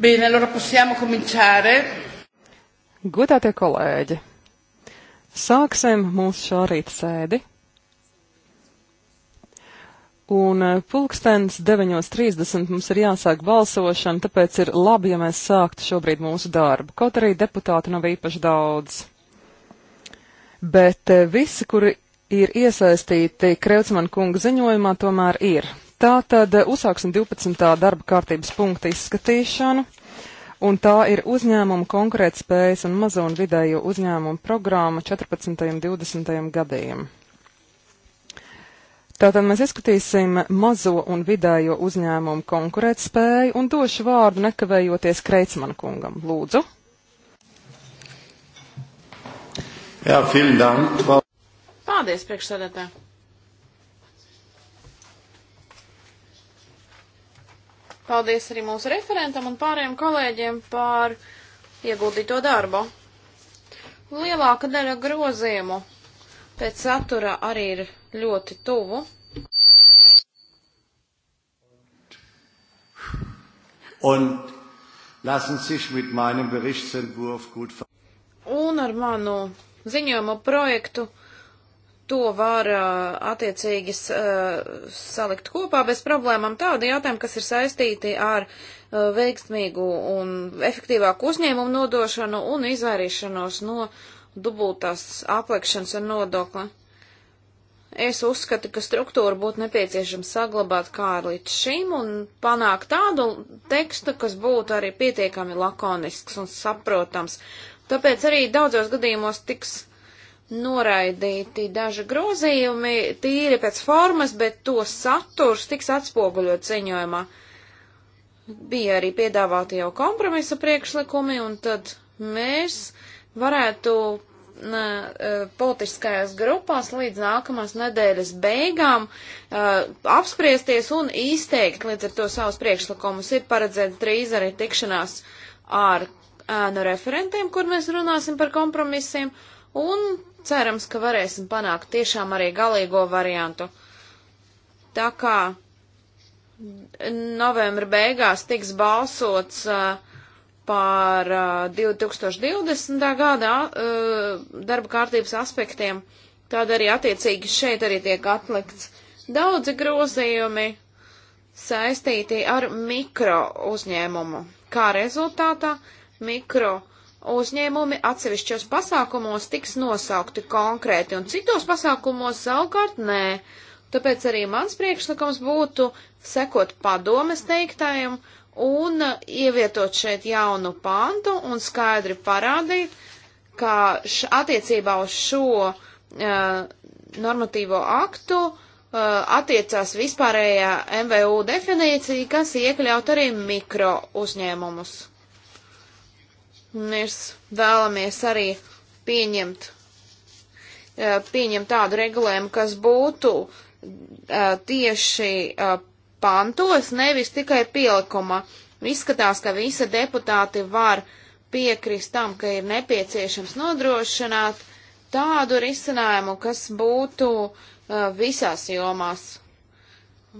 Bene, allora possiamo cominciare. Godātie kolēģi, sāksim mūsu šā rīta sēdi. Un eh, pulkstens 9.30 mums ir jāsāk balsošana, tāpēc ir labi, ja mēs sāktu šobrīd mūsu darbu, kaut arī deputātu nav īpaši daudz. Bet eh, visi, kuri ir iesaistīti Kreutzmann kunga ziņojumā, tomēr ir. Tātad eh, uzsāksim 12. darba kārtības punkta izskatīšanu, un tā ir uzņēmuma konkurētspējas un mazo un vidējo uzņēmumu programma 14. un 20. gadiem. Tātad mēs izskatīsim mazo un vidējo uzņēmumu konkurētspēju un došu vārdu nekavējoties Kreitsman kungam. Lūdzu. Jā, filmdām. Paldies, priekšsēdētāji. Paldies arī mūsu referentam un pārējiem kolēģiem par ieguldīto darbu. Lielāka daļa grozījumu pēc satura arī ir ļoti tuvu. Un lassen sich mit meinem Berichtsentwurf gut Un ar manu ziņojumu projektu to var attiecīgi salikt kopā bez problēmām tādi jautājumi, kas ir saistīti ar veiksmīgu un efektīvāku uzņēmumu nodošanu un izvairīšanos no dubultās aplikšanas un nodokla. Es uzskatu, ka struktūru būtu nepieciešams saglabāt kā ar līdz šim un panākt tādu tekstu, kas būtu arī pietiekami lakonisks un saprotams. Tāpēc arī daudzos gadījumos tiks noraidīti daži grozījumi tīri pēc formas, bet to saturs tiks atspoguļot ziņojumā. Bija arī piedāvāti jau kompromisa priekšlikumi, un tad mēs varētu ne, politiskajās grupās līdz nākamās nedēļas beigām uh, apspriesties un izteikt līdz ar to savus priekšlikumus. Ir paredzēta trīs arī tikšanās ar ēnu no referentiem, kur mēs runāsim par kompromisiem, un cerams, ka varēsim panākt tiešām arī galīgo variantu. Tā kā novembra beigās tiks balsots uh, par uh, 2020. gada uh, darba kārtības aspektiem, tad arī attiecīgi šeit arī tiek atlikts daudzi grozījumi saistīti ar mikro uzņēmumu. Kā rezultātā mikro uzņēmumi atsevišķos pasākumos tiks nosaukti konkrēti, un citos pasākumos savukārt nē. Tāpēc arī mans priekšlikums būtu sekot padomes teiktājiem un ievietot šeit jaunu pantu un skaidri parādīt, ka attiecībā uz šo uh, normatīvo aktu uh, attiecās vispārējā MVU definīcija, kas iekļaut arī mikro uzņēmumus. Mēs vēlamies arī pieņemt, pieņemt tādu regulējumu, kas būtu tieši pantos, nevis tikai pielikumā. Izskatās, ka visi deputāti var piekrist tam, ka ir nepieciešams nodrošināt tādu risinājumu, kas būtu visās jomās.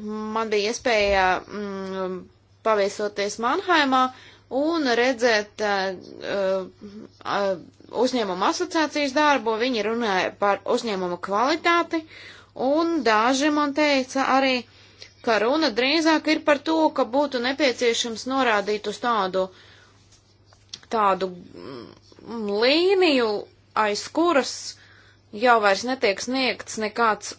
Man bija iespēja mm, paviesoties Manhaimā un redzēt uh, uh, uzņēmumu asociācijas darbu, viņi runāja par uzņēmumu kvalitāti, un daži man teica arī, ka runa drīzāk ir par to, ka būtu nepieciešams norādīt uz tādu, tādu mm, līniju, aiz kuras jau vairs netiek sniegts nekāds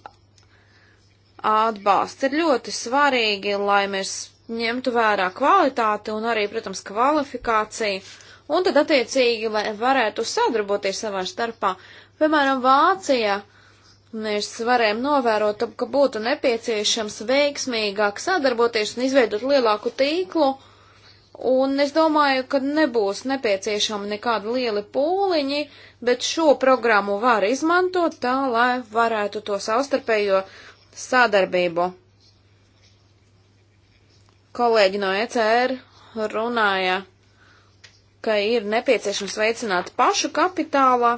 atbalsts. Ir ļoti svarīgi, lai mēs ņemtu vērā kvalitāti un arī, protams, kvalifikāciju, un tad attiecīgi varētu sadarboties savā starpā. Piemēram, Vācija mēs varējām novērot, ka būtu nepieciešams veiksmīgāk sadarboties un izveidot lielāku tīklu, un es domāju, ka nebūs nepieciešama nekāda liela pūliņi, bet šo programmu var izmantot tā, lai varētu to savstarpējo sadarbību kolēģi no ECR runāja, ka ir nepieciešams veicināt pašu kapitāla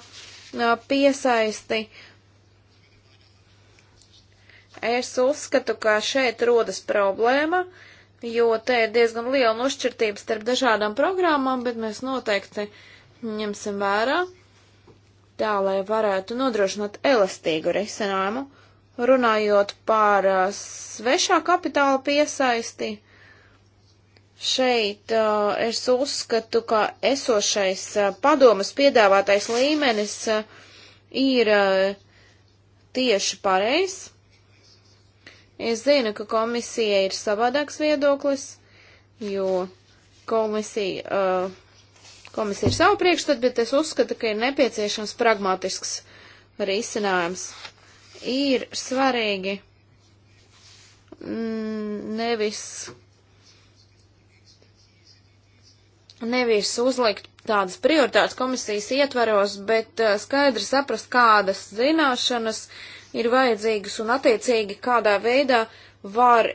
piesaisti. Es uzskatu, ka šeit rodas problēma, jo te ir diezgan liela nošķirtība starp dažādām programmām, bet mēs noteikti ņemsim vērā tā, lai varētu nodrošināt elastīgu risinājumu. Runājot par svešā kapitāla piesaisti, uh, Šeit uh, es uzskatu, ka esošais uh, padomas piedāvātais līmenis uh, ir tieši pareizs. Es zinu, ka komisija ir savādāks viedoklis, jo komisija, komisija ir savu priekšstatu, bet es uzskatu, ka ir nepieciešams pragmatisks risinājums. Ir svarīgi mm, nevis nevis uzlikt tādas prioritātes komisijas ietveros, bet uh, skaidri saprast, kādas zināšanas ir vajadzīgas un attiecīgi kādā veidā var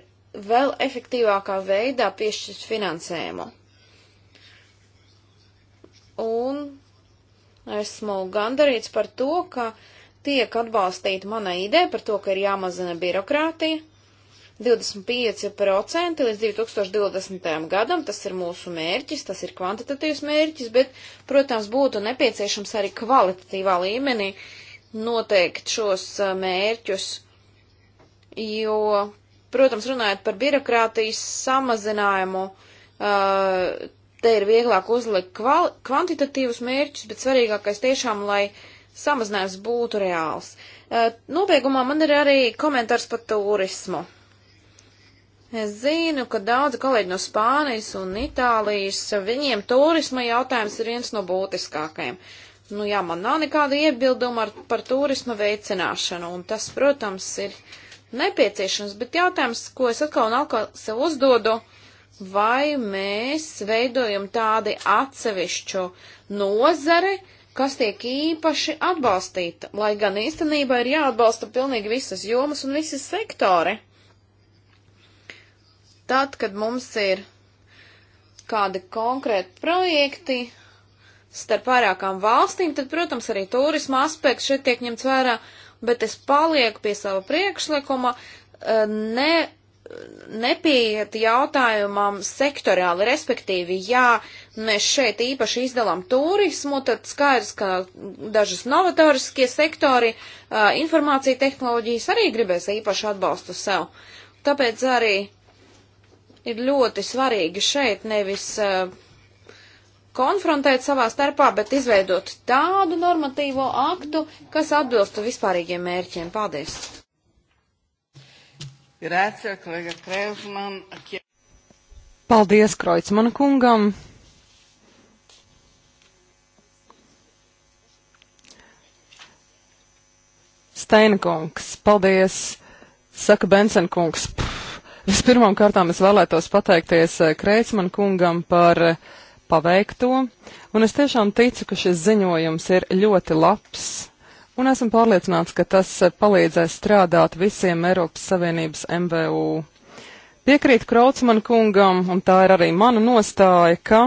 vēl efektīvākā veidā piešķirt finansējumu. Un esmu gandarīts par to, ka tiek atbalstīta mana ideja par to, ka ir jāmazina birokrātija, 25% līdz 2020. gadam, tas ir mūsu mērķis, tas ir kvantitatīvs mērķis, bet, protams, būtu nepieciešams arī kvalitatīvā līmenī noteikt šos mērķus, jo, protams, runājot par birokrātijas samazinājumu, te ir vieglāk uzlikt kvantitatīvus mērķus, bet svarīgākais tiešām, lai samazinājums būtu reāls. Nobeigumā man ir arī komentārs par turismu. Es zinu, ka daudzi kolēģi no Spānijas un Itālijas, viņiem turisma jautājums ir viens no būtiskākajiem. Nu jā, man nav nekāda iebilduma ar, par turisma veicināšanu, un tas, protams, ir nepieciešams, bet jautājums, ko es atkal un atkal sev uzdodu, vai mēs veidojam tādi atsevišķu nozari, kas tiek īpaši atbalstīta, lai gan īstenībā ir jāatbalsta pilnīgi visas jomas un visi sektori. Tad, kad mums ir kādi konkrēti projekti starp vairākām valstīm, tad, protams, arī turisma aspekts šeit tiek ņemts vērā, bet es palieku pie sava priekšlikuma, eh, ne, nepieiet jautājumam sektoriāli, respektīvi, jā, mēs šeit īpaši izdalām turismu, tad skaidrs, ka dažas novatoriskie sektori, eh, informācija tehnoloģijas arī gribēs īpaši atbalstu sev. Tāpēc arī ir ļoti svarīgi šeit nevis uh, konfrontēt savā starpā, bet izveidot tādu normatīvo aktu, kas atbilstu vispārīgiem mērķiem. Paldies! Paldies, Kreutzmanu kungam! Steina kungs, paldies! Saka Bensen kungs. Pff. Vispirmām kārtām es vēlētos pateikties eh, Kreitsman kungam par eh, paveikto, un es tiešām ticu, ka šis ziņojums ir ļoti labs, un esmu pārliecināts, ka tas eh, palīdzēs strādāt visiem Eiropas Savienības MVU. Piekrīt Krautsman kungam, un tā ir arī mana nostāja, ka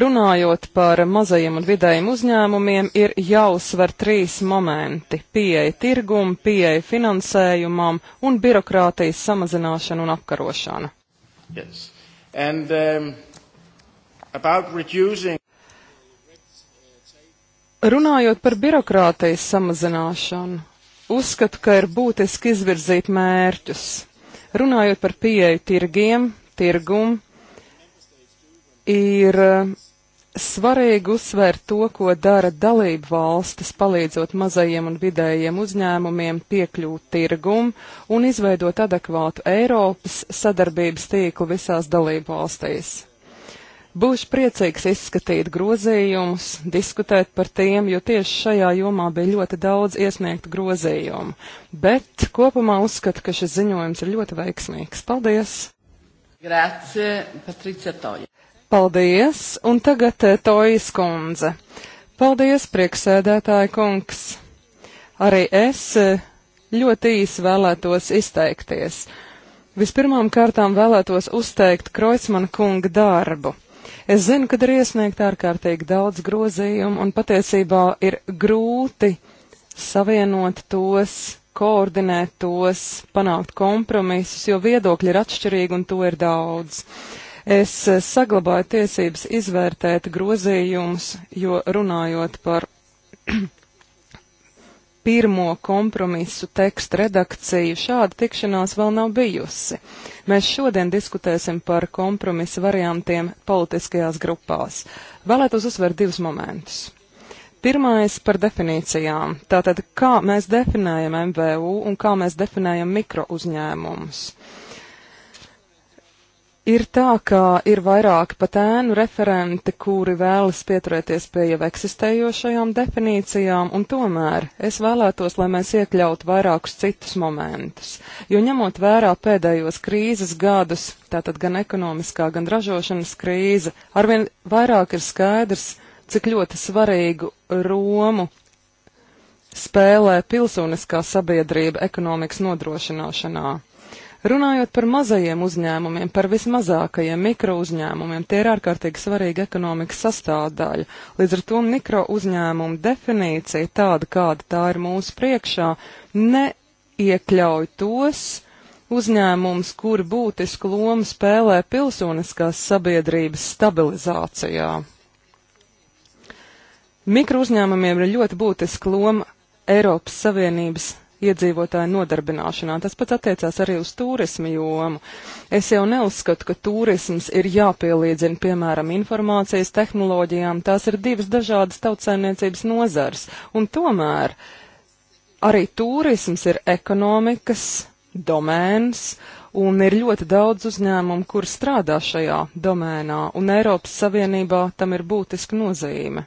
Runājot par mazajiem un vidējiem uzņēmumiem, ir jāuzsver trīs momenti - pieeja tirgumu, pieeja finansējumam un birokrātijas samazināšana un apkarošana. Yes. And, um, reducing... Runājot par birokrātijas samazināšanu, uzskatu, ka ir būtiski izvirzīt mērķus. Runājot par pieeju tirgiem, tirgumu, ir eh, svarīgi uzsvērt to, ko dara dalību valstis, palīdzot mazajiem un vidējiem uzņēmumiem piekļūt tirgum un izveidot adekvātu Eiropas sadarbības tīklu visās dalību valstīs. Būšu priecīgs izskatīt grozījumus, diskutēt par tiem, jo tieši šajā jomā bija ļoti daudz iesniegtu grozījumu. Bet kopumā uzskatu, ka šis ziņojums ir ļoti veiksmīgs. Paldies! Grācie, Patricija Toja. Paldies, un tagad eh, Tojas kundze. Paldies, prieksēdētāja kungs. Arī es eh, ļoti īsi vēlētos izteikties. Vispirmām kārtām vēlētos uzteikt Kreutzmana kunga darbu. Es zinu, ka ir iesniegt ārkārtīgi daudz grozījumu, un patiesībā ir grūti savienot tos, koordinēt tos, panākt kompromisus, jo viedokļi ir atšķirīgi un to ir daudz. Uh, Es eh, saglabāju tiesības izvērtēt grozījumus, jo runājot par pirmo kompromisu tekstu redakciju, šāda tikšanās vēl nav bijusi. Mēs šodien diskutēsim par kompromisu variantiem politiskajās grupās. Vēlētos uzsvērt divus momentus. Pirmais par definīcijām. Tātad, kā mēs definējam MVU un kā mēs definējam mikro uzņēmumus. Uh, Ir tā, ka ir vairāki patēnu referenti, kuri vēlas pieturēties pie jau eksistējošajām definīcijām, un tomēr es vēlētos, lai mēs iekļautu vairākus citus momentus, jo ņemot vērā pēdējos krīzes gadus, tātad gan ekonomiskā, gan ražošanas krīze, arvien vairāk ir skaidrs, cik ļoti svarīgu Romu spēlē pilsoniskā sabiedrība ekonomikas nodrošināšanā. Runājot par mazajiem uzņēmumiem, par vismazākajiem mikrouzņēmumiem, tie ir ārkārtīgi svarīga ekonomikas sastāvdaļa. Līdz ar to mikrouzņēmumu definīcija tāda, kāda tā ir mūsu priekšā, neiekļauj tos uzņēmumus, kuri būtisku lomu spēlē pilsoniskās sabiedrības stabilizācijā. Mikrouzņēmumiem ir ļoti būtiska loma Eiropas Savienības iedzīvotāju nodarbināšanā. Tas pats attiecās arī uz turismu jomu. Es jau neuzskatu, ka turisms ir jāpielīdzina, piemēram, informācijas tehnoloģijām. Tās ir divas dažādas tautsainiecības nozars. Un tomēr arī turisms ir ekonomikas domēns, un ir ļoti daudz uzņēmumu, kur strādā šajā domēnā, un Eiropas Savienībā tam ir būtiska nozīme.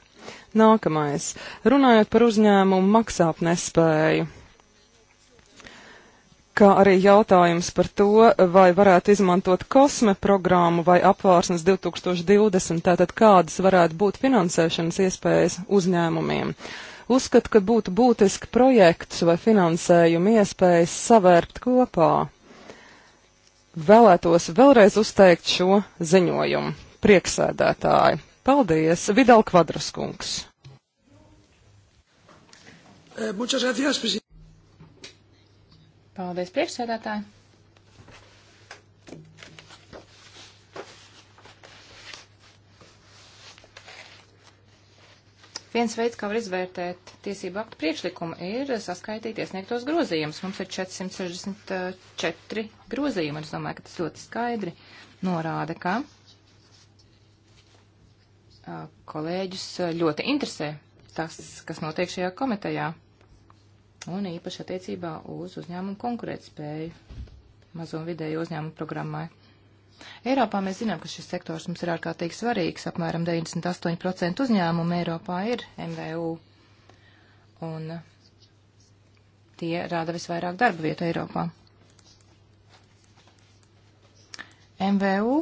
Nākamais. Runājot par uzņēmumu maksāt nespēju kā arī jautājums par to, vai varētu izmantot kosme programmu vai apvārsnes 2020, tātad kādas varētu būt finansēšanas iespējas uzņēmumiem. Uzskatu, ka būtu būtiski projekts vai finansējumu iespējas savērpt kopā. Vēlētos vēlreiz uzteikt šo ziņojumu. Prieksēdētāji. Paldies, Vidal Kvadraskungs. Eh, muchas gracias, presidente. Paldies, priekšsēdētāji! Viens veids, kā var izvērtēt tiesību aktu priekšlikumu, ir saskaitīt iesniegtos grozījumus. Mums ir 464 grozījumi, un es domāju, ka tas ļoti skaidri norāda, ka kolēģus ļoti interesē tas, kas notiek šajā komitejā un īpaši attiecībā uz uzņēmumu konkurētspēju mazo un vidēju uzņēmumu programmai. Eiropā mēs zinām, ka šis sektors mums ir ārkārtīgi svarīgs. Apmēram 98% uzņēmumu Eiropā ir MVU, un tie rāda visvairāk darba vietu Eiropā. MVU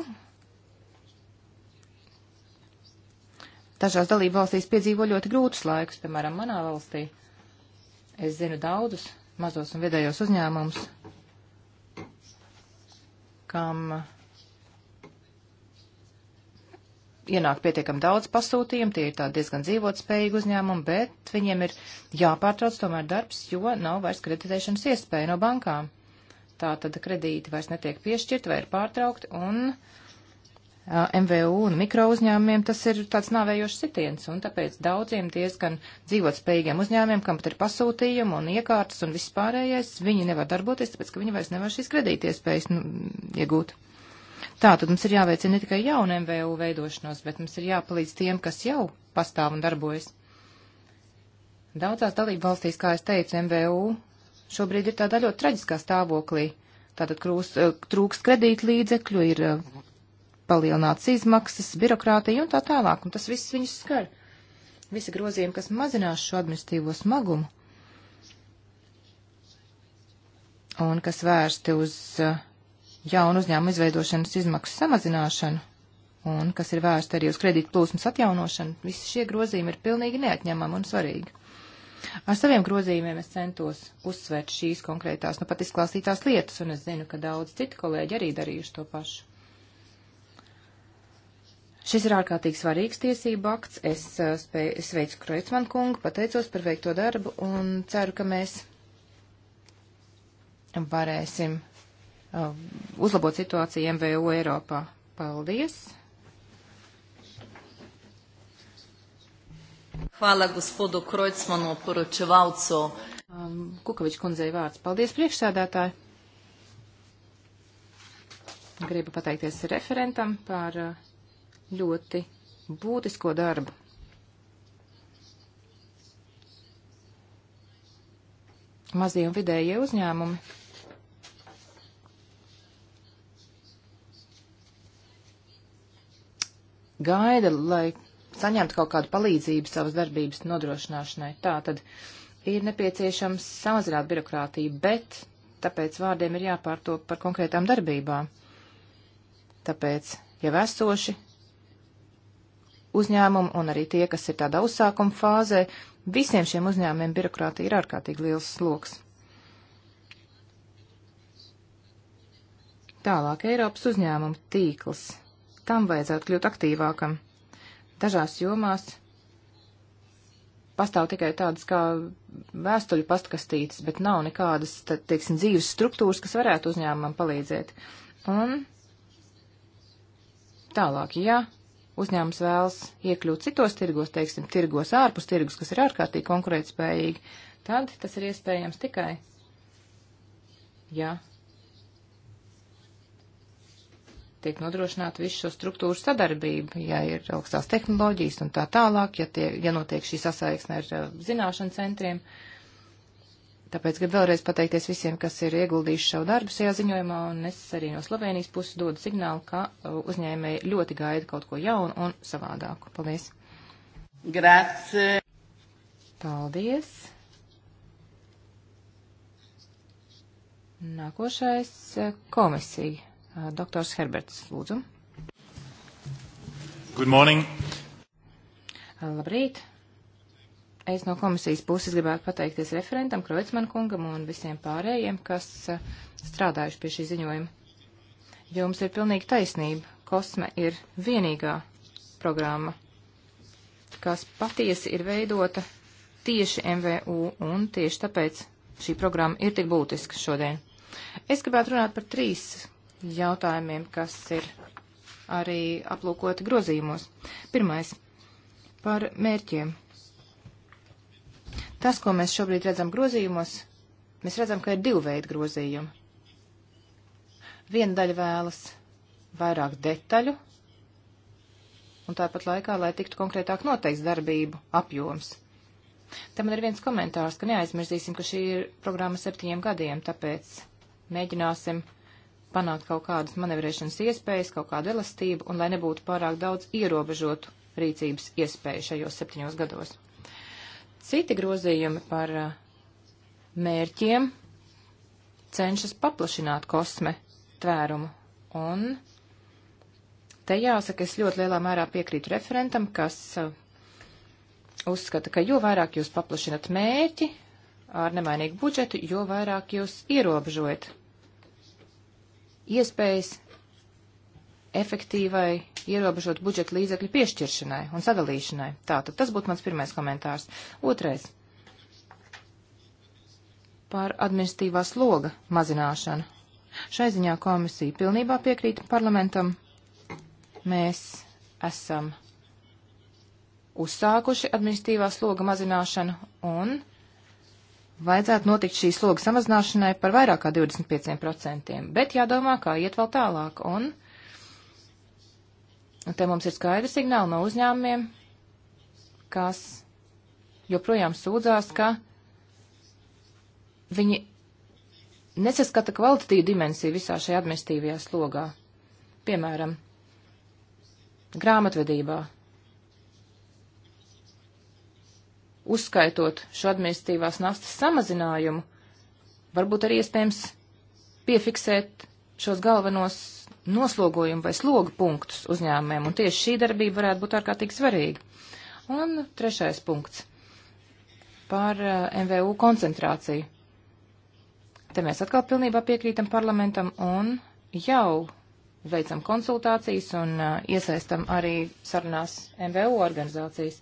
dažās dalību valstīs piedzīvo ļoti grūtus laikus, piemēram, manā valstī. Uh, Es zinu daudzus mazos un vidējos uzņēmumus, kam uh, ienāk pietiekami daudz pasūtījumu, tie ir tādi diezgan dzīvotspējīgi uzņēmumi, bet viņiem ir jāpārtrauc tomēr darbs, jo nav vairs kreditēšanas iespēja no bankām. Tā tad kredīti vairs netiek piešķirt vai ir pārtraukti, un MVU un mikro uzņēmumiem tas ir tāds nāvējošs sitiens, un tāpēc daudziem diezgan dzīvotspējīgiem uzņēmumiem, kam pat ir pasūtījumi un iekārtas un viss pārējais, viņi nevar darboties, tāpēc ka viņi vairs nevar šīs kredītiespējas nu, iegūt. Tā tad mums ir jāveicina ne tikai jaunu MVU veidošanos, bet mums ir jāpalīdz tiem, kas jau pastāv un darbojas. Daudzās dalību valstīs, kā es teicu, MVU šobrīd ir tādā ļoti traģiskā stāvoklī. Tātad krūs, trūks kredīt līdzekļu, ir palielināts izmaksas, birokrātija un tā tālāk, un tas viss viņus skar. Visi grozījumi, kas mazinās šo administratīvo smagumu un kas vērsti uz uh, jaunu uzņēmumu izveidošanas izmaksu samazināšanu un kas ir vērsti arī uz kredītu plūsmas atjaunošanu, visi šie grozījumi ir pilnīgi neatņemami un svarīgi. Ar saviem grozījumiem es centos uzsvērt šīs konkrētās, nu pat izklāstītās lietas, un es zinu, ka daudz citu kolēģi arī darījuši to pašu. Šis ir ārkārtīgi svarīgs tiesību akts. Es eh, spēju, sveicu Kreitsmanu kungu, pateicos par veikto darbu un ceru, ka mēs varēsim uh, uzlabot situāciju MVU Eiropā. Paldies! Hvala gospodu Krojcmanu, poročevalcu. Um, Kukaviča kundzei vārds. Paldies priekšsēdētāji. Gribu pateikties referentam par uh, ļoti būtisko darbu. Mazie un vidējie uzņēmumi gaida, lai saņemtu kaut kādu palīdzību savas darbības nodrošināšanai. Tā tad ir nepieciešams samazināt birokrātiju, bet tāpēc vārdiem ir jāpārto par konkrētām darbībām. Tāpēc, ja esoši uzņēmumi un arī tie, kas ir tādā uzsākuma fāzē, visiem šiem uzņēmumiem birokrātija ir ārkārtīgi liels sloks. Tālāk Eiropas uzņēmumu tīkls. Tam vajadzētu kļūt aktīvākam. Dažās jomās pastāv tikai tādas kā vēstuļu pastkastītes, bet nav nekādas, tā, teiksim, dzīves struktūras, kas varētu uzņēmumam palīdzēt. Un tālāk, ja uzņēmums vēlas iekļūt citos tirgos, teiksim, tirgos ārpus tirgus, kas ir ārkārtīgi konkurētspējīgi, tad tas ir iespējams tikai, ja tiek nodrošināta visu šo struktūru sadarbība, ja ir augstās tehnoloģijas un tā tālāk, ja, tie, ja notiek šī sasaiksne ar uh, zināšanu centriem. Uh, Tāpēc gribu vēlreiz pateikties visiem, kas ir ieguldījuši savu darbu šajā ziņojumā, un es arī no Slovenijas puses dodu signālu, ka uh, uzņēmēji ļoti gaida kaut ko jaunu un savādāku. Paldies! Grazie! Paldies! Nākošais uh, komisija. Uh, doktors Herberts, lūdzu. Good morning! Labrīt! Es no komisijas puses gribētu pateikties referentam, Kreutzmanu kungam un visiem pārējiem, kas eh, strādājuši pie šī ziņojuma. Jums ir pilnīgi taisnība. Kosme ir vienīgā programma, kas patiesi ir veidota tieši MVU, un tieši tāpēc šī programma ir tik būtiska šodien. Es gribētu runāt par trīs jautājumiem, kas ir arī aplūkoti grozījumos. Pirmais - par mērķiem Tas, ko mēs šobrīd redzam grozījumos, mēs redzam, ka ir divi veidi grozījumi. Viena daļa vēlas vairāk detaļu, un tāpat laikā, lai tiktu konkrētāk noteikts darbību apjoms. Te man ir viens komentārs, ka neaizmirsīsim, ka šī ir programma septiņiem gadiem, tāpēc mēģināsim panākt kaut kādas manevrēšanas iespējas, kaut kādu elastību, un lai nebūtu pārāk daudz ierobežotu rīcības iespēju šajos septiņos gados. Citi grozījumi par eh, mērķiem cenšas paplašināt kosme tvērumu. Un te jāsaka, es ļoti lielā mērā piekrītu referentam, kas eh, uzskata, ka jo vairāk jūs paplašinat mērķi ar nemainīgu budžetu, jo vairāk jūs ierobežojat iespējas efektīvai ierobežot budžeta līdzekļu piešķiršanai un sadalīšanai. Tātad tas būtu mans pirmais komentārs. Otrais - par administratīvā sloga mazināšanu. Šai ziņā komisija pilnībā piekrīt parlamentam. Mēs esam uzsākuši administratīvā sloga mazināšanu un vajadzētu notikt šī sloga samazināšanai par vairāk kā 25%, bet jādomā, kā iet vēl tālāk. Un Un te mums ir skaidri signāli no uzņēmumiem, kas joprojām sūdzās, ka viņi nesaskata kvalitatīvu dimensiju visā šajā administīvajā slogā. Piemēram, grāmatvedībā. Uzskaitot šo administīvās nastas samazinājumu, varbūt arī iespējams piefiksēt šos galvenos noslogojumu vai sloga punktus uzņēmumiem, un tieši šī darbība varētu būt ārkārtīgi svarīga. Un trešais punkts par eh, MVU koncentrāciju. Te mēs atkal pilnībā piekrītam parlamentam un jau veicam konsultācijas un eh, iesaistam arī sarunās MVU organizācijas.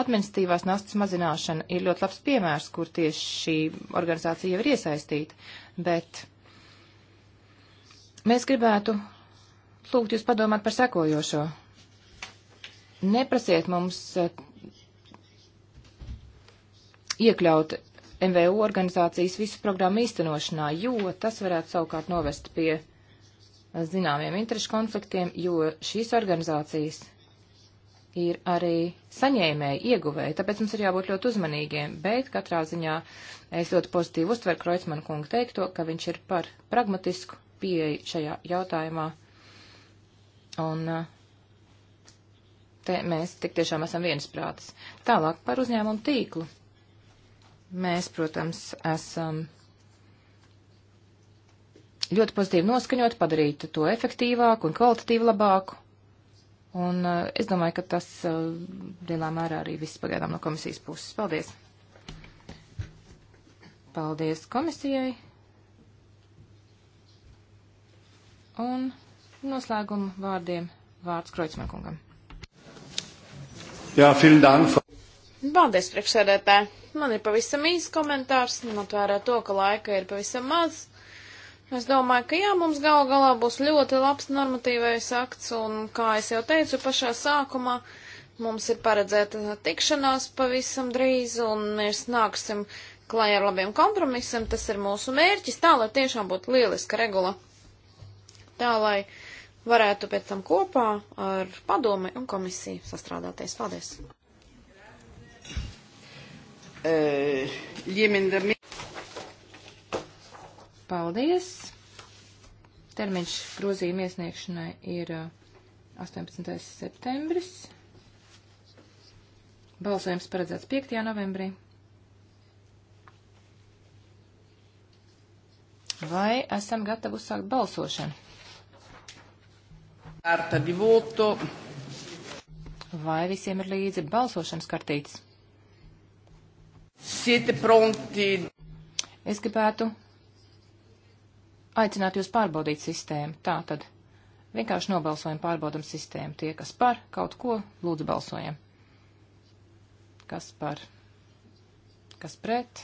Administratīvās nastas mazināšana ir ļoti labs piemērs, kur tieši šī organizācija jau ir iesaistīta, bet Mēs gribētu lūgt jūs padomāt par sekojošo. Neprasiet mums eh, iekļaut MVU organizācijas visu programmu īstenošanā, jo tas varētu savukārt novest pie eh, zināmiem interešu konfliktiem, jo šīs organizācijas ir arī saņēmēji, ieguvēji, tāpēc mums ir jābūt ļoti uzmanīgiem, bet katrā ziņā es ļoti pozitīvi uztveru Kreutzmanu kungu teikto, ka viņš ir par pragmatisku pieeja šajā jautājumā. Un uh, te mēs tik tiešām esam viensprātis. Tālāk par uzņēmumu tīklu. Mēs, protams, esam ļoti pozitīvi noskaņot, padarīt to efektīvāku un kvalitatīvi labāku. Un uh, es domāju, ka tas uh, lielā mērā arī viss pagaidām no komisijas puses. Paldies! Paldies komisijai! Un noslēguma vārdiem vārds Kreutzmekungam. Jā, vielen dank. Paldies, priekšsēdētāji. Man ir pavisam īsts komentārs, ņemot vērā to, ka laika ir pavisam maz. Es domāju, ka jā, mums gal galā būs ļoti labs normatīvais akts, un kā es jau teicu pašā sākumā, mums ir paredzēta tikšanās pavisam drīz, un mēs nāksim klāj ar labiem kompromisiem. Tas ir mūsu mērķis, tā lai tiešām būtu lieliska regula tā lai varētu pēc tam kopā ar padomi un komisiju sastrādāties. Paldies! Eh, Paldies! Termiņš grozījuma iesniegšanai ir 18. Eh, septembris. Balsojums paredzēts 5. novembrī. Vai esam gatavi uzsākt balsošanu? Karta di voto. Vai visiem ir līdzi balsošanas kartītes? Siete pronti. Es gribētu aicināt jūs pārbaudīt sistēmu. Tā tad vienkārši nobalsojam, pārbaudam sistēmu. Tie, kas par kaut ko, lūdzu balsojam. Kas par, kas pret,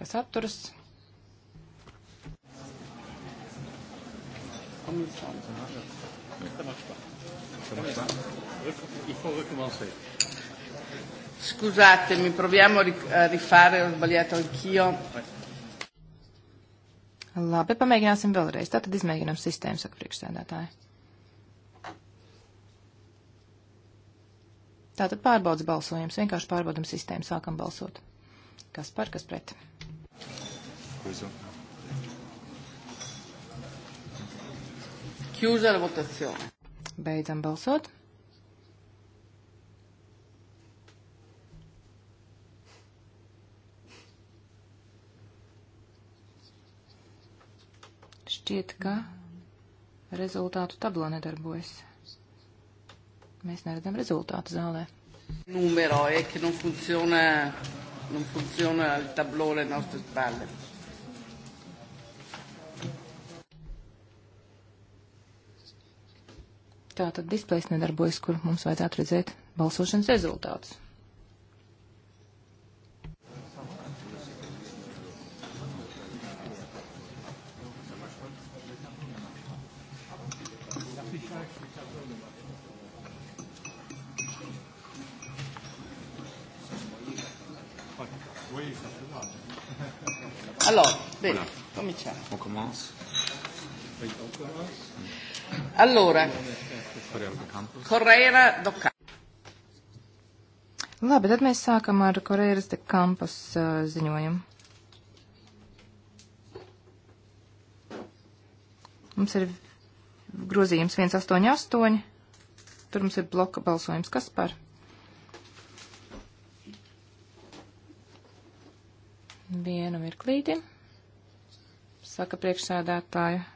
kas atturas. Komisārs. Oui. Ça marche pas. Ça marche pas. Il faut recommencer. Scusatemi, proviamo a rifare, ho sbagliato anch'io. Labi, pamēģināsim vēlreiz. Tātad izmēģinām sistēmu, saka priekšsēdētāji. Tātad pārbaudas balsojums, vienkārši pārbaudam sistēmu, sākam balsot. Kas par, kas pret? Kuzo. Chiusa la votazione. Beidzam balsot. Šķiet, ka rezultātu tablo nedarbojas. Mēs neredzam rezultātu zālē. Numero è eh, che non funziona, non funziona il tablone alle nostre spalle. Tā tad displejs nedarbojas, kur mums vajadzētu redzēt balsošanas rezultātus. Alors, bene, voilà. cominciamo. On commence. Oui, on commence. Allora, Correira do Campos. Labi, tad mēs sākam ar Correiras de Campos uh, ziņojumu. Mums ir grozījums 188. Tur mums ir bloka balsojums. Kas par? Vienu mirklīti. Saka priekšsēdētāja.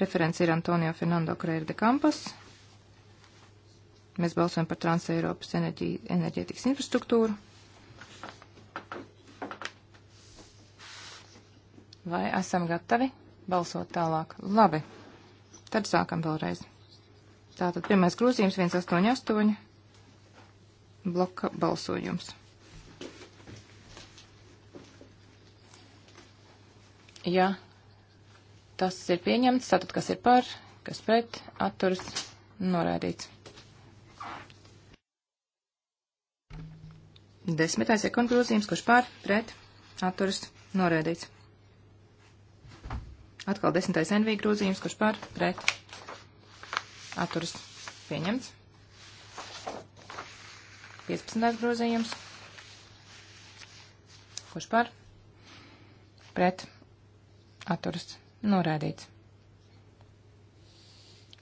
Referents ir Antonio Fernando Kreira de Campos. Mēs balsojam par Transeiropas enerģētikas infrastruktūru. Vai esam gatavi balsot tālāk? Labi. Tad sākam vēlreiz. Tātad pirmais grozījums 188 bloka balsojums. Ja tas ir pieņemts, tātad kas ir par, kas pret, atturas, norādīts. Desmitais ir kongrūzījums, kurš pār, pret, atturas, norādīts. Atkal desmitais NV grūzījums, kurš pār, pret, atturas, pieņemts. 15. grozījums. Kurš par? Pret. Atturas. Norādīts.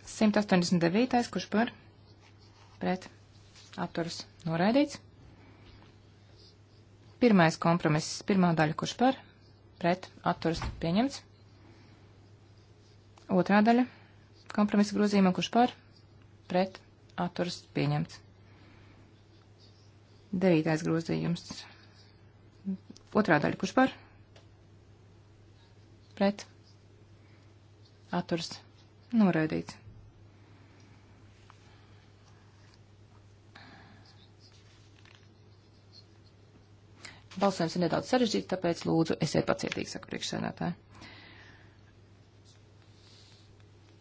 189. kurš par pret atturas noraidīts. Pirmais kompromiss, pirmā daļa, kurš par pret atturas pieņemts. Otrā daļa kompromisa grozījuma, kurš par pret atturas pieņemts. Devītais grozījums. Otrā daļa, kurš par pret atturs noraidīts. Balsojums ir nedaudz sarežģīts, tāpēc lūdzu esiet pacietīgi, saka priekšsēdētāji.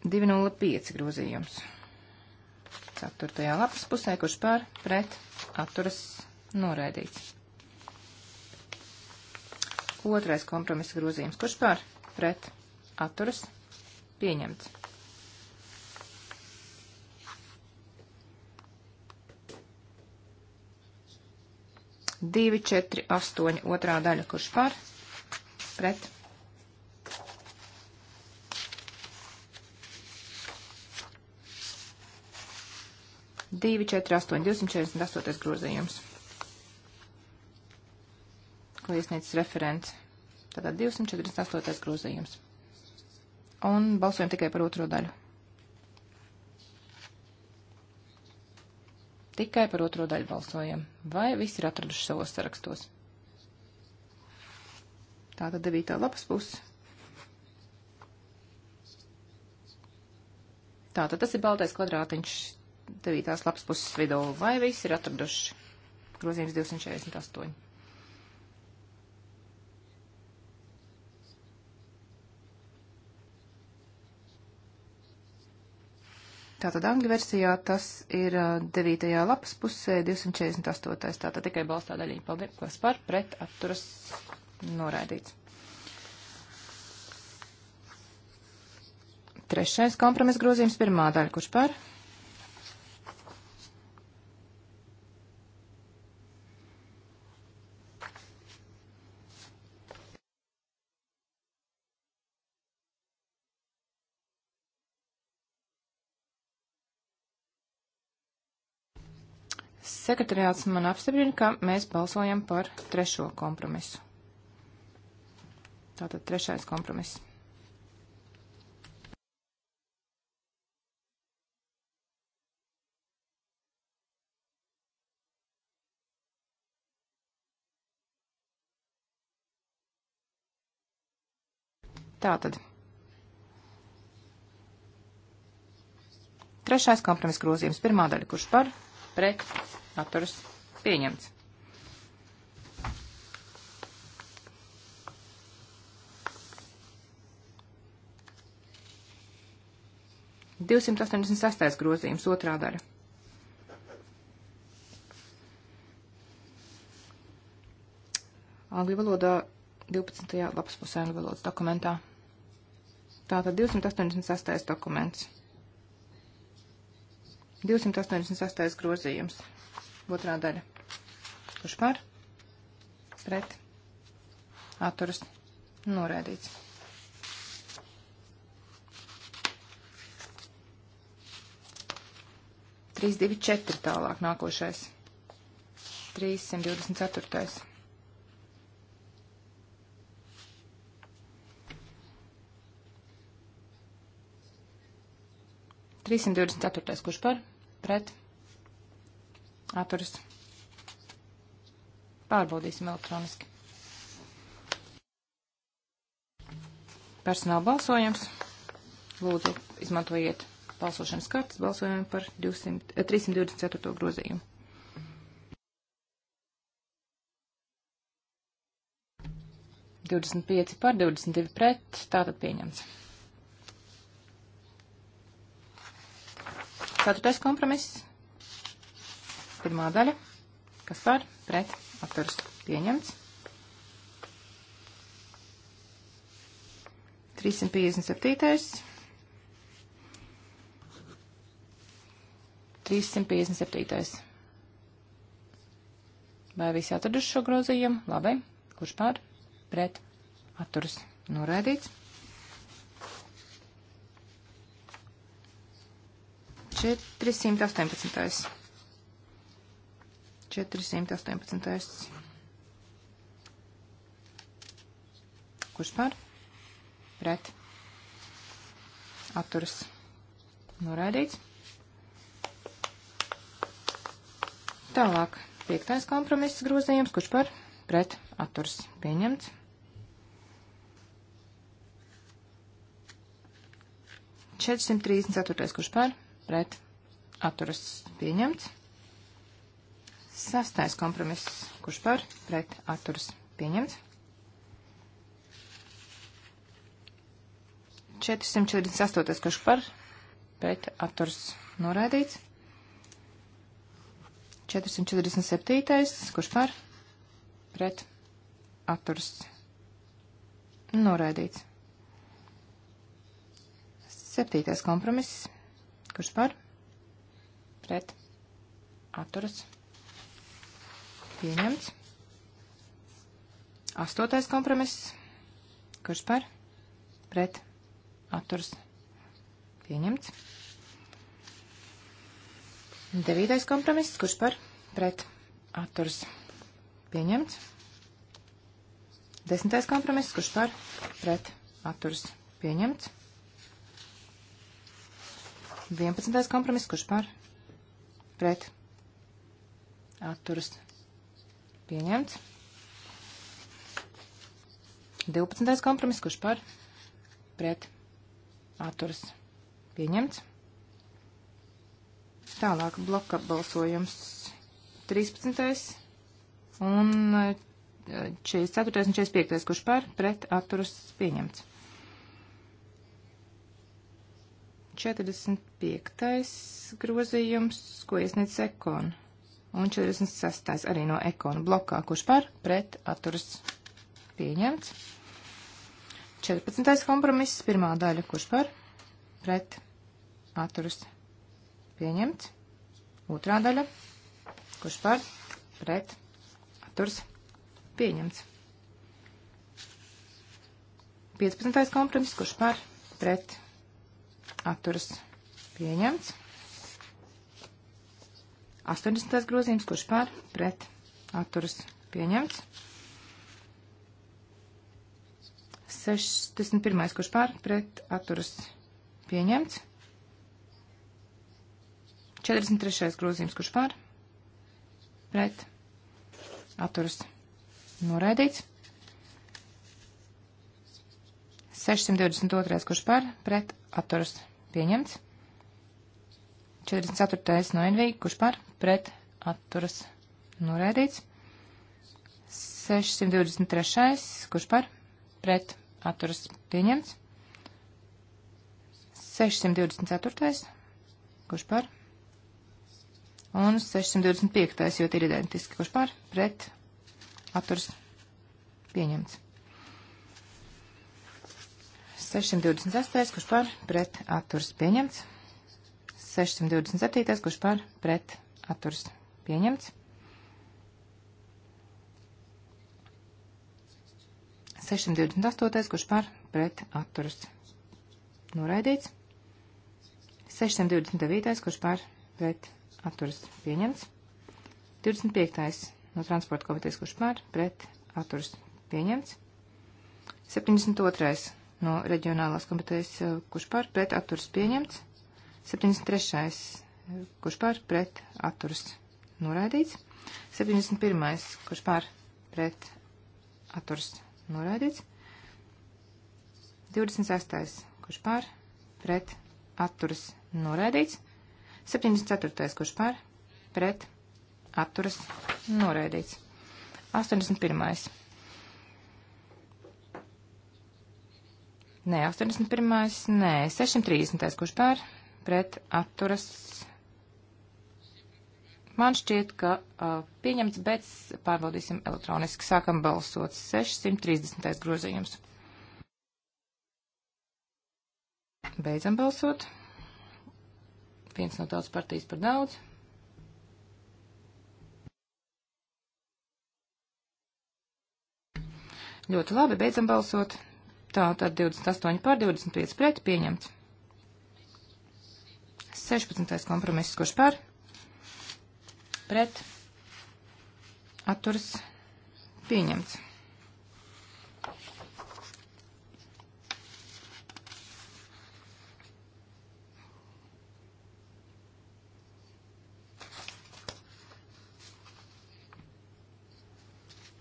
205 grozījums. Ceturtajā lapas pusē, kurš pār pret atturas noraidīts. Otrais kompromisa grozījums, kurš pār pret atturas noraidīts Pieņemts. Divi, četri, astoņi, otrā daļa, kurš par, pret. Divi, četri, astoņi, 248 grozījums. Ko iesniedz referents. Tātad 248 grozījums un balsojam tikai par otro daļu. Tikai par otro daļu balsojam. Vai visi ir atraduši savos sarakstos? Tātad devītā lapas puse. Tātad tas ir baltais kvadrātiņš devītās lapas puses vidū. Vai visi ir atraduši? Grozījums 248. Tātad angļu versijā tas ir 9. lapas pusē 248. Tātad tikai balstā daļiņa. Paldies, kas par pret atturas noraidīts. Trešais kompromiss grozījums pirmā daļa, kurš par Sekretariāts man apstiprina, ka mēs balsojam par trešo kompromisu. Tātad trešais kompromiss. Tātad. Trešais kompromiss grozījums. Pirmā daļa, kurš par? pret atturas pieņemts. Divsimt astoņdesmit sastais grozījums otrā daļa. Angļu valodā 12. lapas pusē angļu valodas dokumentā. Tātad 286. dokuments. 288. grozījums. Otrā daļa. Kurš par? Pret. Atturas. Norēdīts. Trīs, divi, četri tālāk nākošais. 324. Trīsim divdesmit ceturtais, kurš par? pret atturas. Pārbaudīsim elektroniski. Personāla balsojums. Lūdzu, izmantojiet balsošanas kartes. Balsojam par 200, 324. Eh, grozījumu. Divdesmit pieci par, divdesmit divi pret, tātad pieņemts. Ceturtais kompromiss. Pirmā daļa. Kas par? Pret. Atturas. Pieņemts. 357. 357. Vai visi atraduši šo grozījumu? Labi. Kurš pār? Pret. Atturas. Noraidīts. 418. 418. Kurš par? Pret. Atturas. Noraidīts. Tālāk. Piektais kompromiss grozījums. Kurš par? Pret. Atturas. Pieņemts. Četrsimt trīsdesmit ceturtais. Kurš par? pret atturas pieņemts. Sastais kompromiss, kurš par pret atturas pieņemts. 448, kurš par pret atturas noraidīts. 447, kurš par pret atturas noraidīts. Septītais kompromiss Kurš par? Pret. Atturas. Pieņemts. Astotais kompromiss. Kurš par? Pret. Atturas. Pieņemts. Devītais kompromiss. Kurš par? Pret. Atturas. Pieņemts. Desmitais kompromiss. Kurš par? Pret. Atturas. Pieņemts. 11. kompromiss, kurš par pret atturas pieņemts. 12. kompromiss, kurš par pret atturas pieņemts. Tālāk bloka balsojums 13. un 44. Eh, un 45. kurš par pret atturas pieņemts. 45. grozījums, ko iesniedz Ekon, un 46. arī no Ekon blokā, kurš par pret atturas pieņemts. 14. kompromiss, pirmā daļa, kurš par pret atturas pieņemts. Otrā daļa, kurš par pret atturas pieņemts. 15. kompromiss, kurš par pret atturas pieņemts atturas pieņemts. 80. grozījums, kurš pār pret atturas pieņemts. 61. kurš pār pret atturas pieņemts. 43. grozījums, kurš pār pret atturas noraidīts. 622. kurš pār pret atturas pieņemts pieņemts. 44. no NV, kurš par pret atturas noraidīts. 623. kurš par pret atturas pieņemts. 624. kurš par un 625. jo tie ir identiski, kurš par pret atturas pieņemts. 628. kurš par pret atturs pieņemts. 627. kurš par pret atturs pieņemts. 628. kurš par pret atturs noraidīts. 629. kurš par pret atturs pieņemts. 25. no transporta komitejas, kurš par pret atturs pieņemts. 72 no reģionālās komitejas, eh, kurš par pret atturas pieņemts. 73. Eh, kurš par pret atturas noraidīts. 71. kurš par pret atturas noraidīts. 26. kurš par pret atturas noraidīts. 74. kurš par pret atturas noraidīts. 81. Nē, 81. Nē, 630. Kurš pār? Pret atturas. Man šķiet, ka uh, pieņemts, bet pārbaudīsim elektroniski. Sākam balsot 630. grozījums. Beidzam balsot. Viens no tautas partijas par daudz. Ļoti labi, beidzam balsot tātad 28 pār 25 pret pieņemts. 16. kompromiss, kurš par, pret, atturs pieņemts.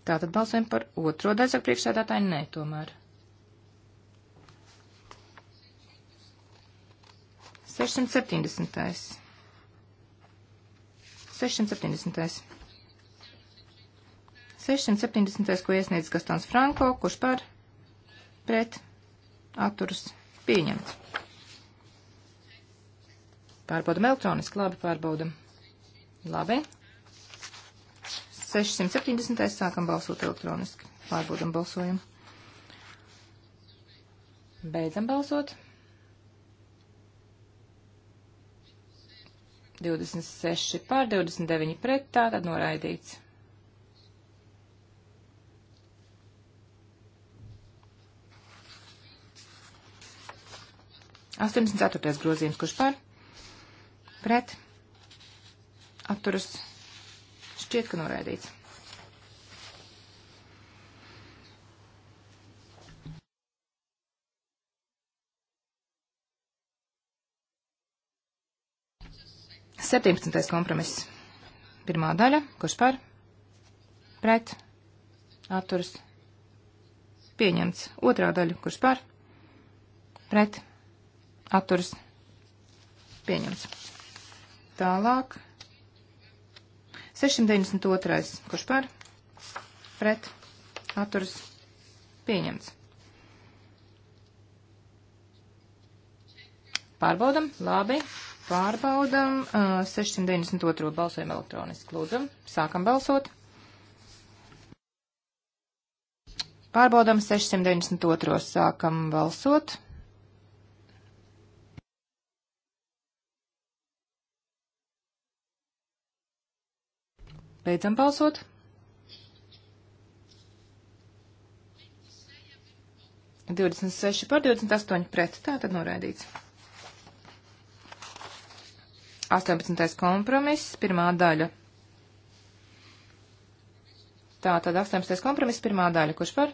Tātad balsojam par otro daļu, saka priekšsēdētāji, nē, tomēr. 670. 670. 670. ko iesniedz Gastons Franko, kurš par pret atturas pieņemts. Pārbaudam elektroniski, labi pārbaudam. Labi. 670. sākam balsot elektroniski. Pārbaudam balsojumu. Beidzam balsot. 26 pār 29 pret, tā tad noraidīts. Astoņdesmit ceturtais grozījums, kurš par? Pret. Atturas. Šķiet, ka noraidīts. 17. kompromiss. Pirmā daļa, kurš par, pret, atturas, pieņemts. Otrā daļa, kurš par, pret, atturas, pieņemts. Tālāk. 692. kurš par, pret, atturas, pieņemts. Pārbaudam, labi pārbaudam. 692. balsojam elektroniski. Lūdzam, sākam balsot. Pārbaudam 692. sākam balsot. Beidzam balsot. Divdesmit seši par divdesmit astoņi pret. Tā tad noraidīts. 18. kompromiss, pirmā daļa. Tā tad 18. kompromiss, pirmā daļa. Kurš par?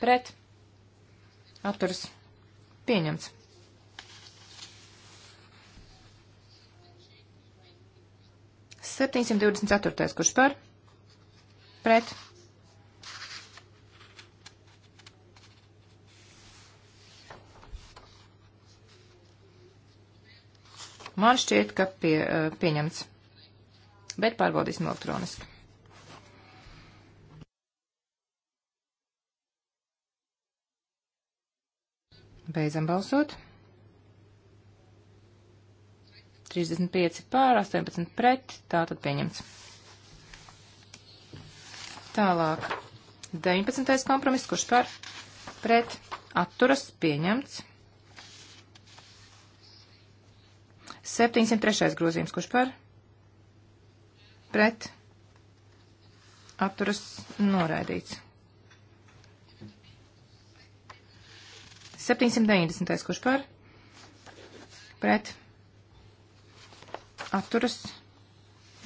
Pret. Atturas. Pieņemts. Septiņsimt divdesmit ceturtais. Kurš par? Pret. Man šķiet, ka pie, eh, pieņemts. Bet pārbaudīsim elektroniski. Beidzam balsot. 35 pār, 18 pret, tā tad pieņemts. Tālāk. 19. kompromiss, kurš par pret atturas pieņemts. 703. grozījums, kurš par? Pret. Atturas noraidīts. 790. kurš par? Pret. Atturas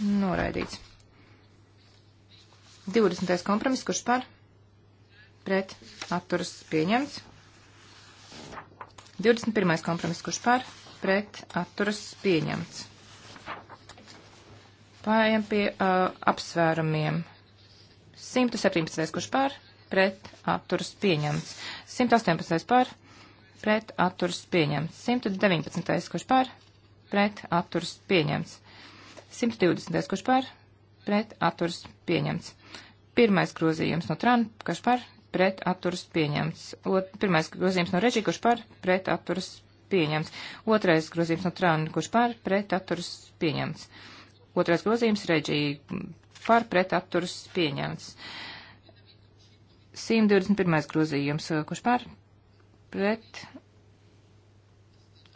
noraidīts. 20. kompromiss, kurš par? Pret. Atturas pieņemts. 21. kompromiss, kurš par? Pret pret atturas pieņemts. Pārējām pie uh, apsvērumiem. 117. kurš pār, pret atturas pieņemts. 118. pār, pret atturas pieņemts. 119. kurš pār, pret atturas pieņemts. 120. kurš pār, pret atturas pieņemts. Pirmais grozījums no Tran, kurš pār, pret atturas pieņemts. Ot, pirmais grozījums no Reģī, kurš pār, pret atturas pieņemts. Otrais grozījums no Trāna, kurš pār pret atturas pieņemts. Otrais grozījums reģija pār pret atturas pieņemts. 121. grozījums, kurš pār pret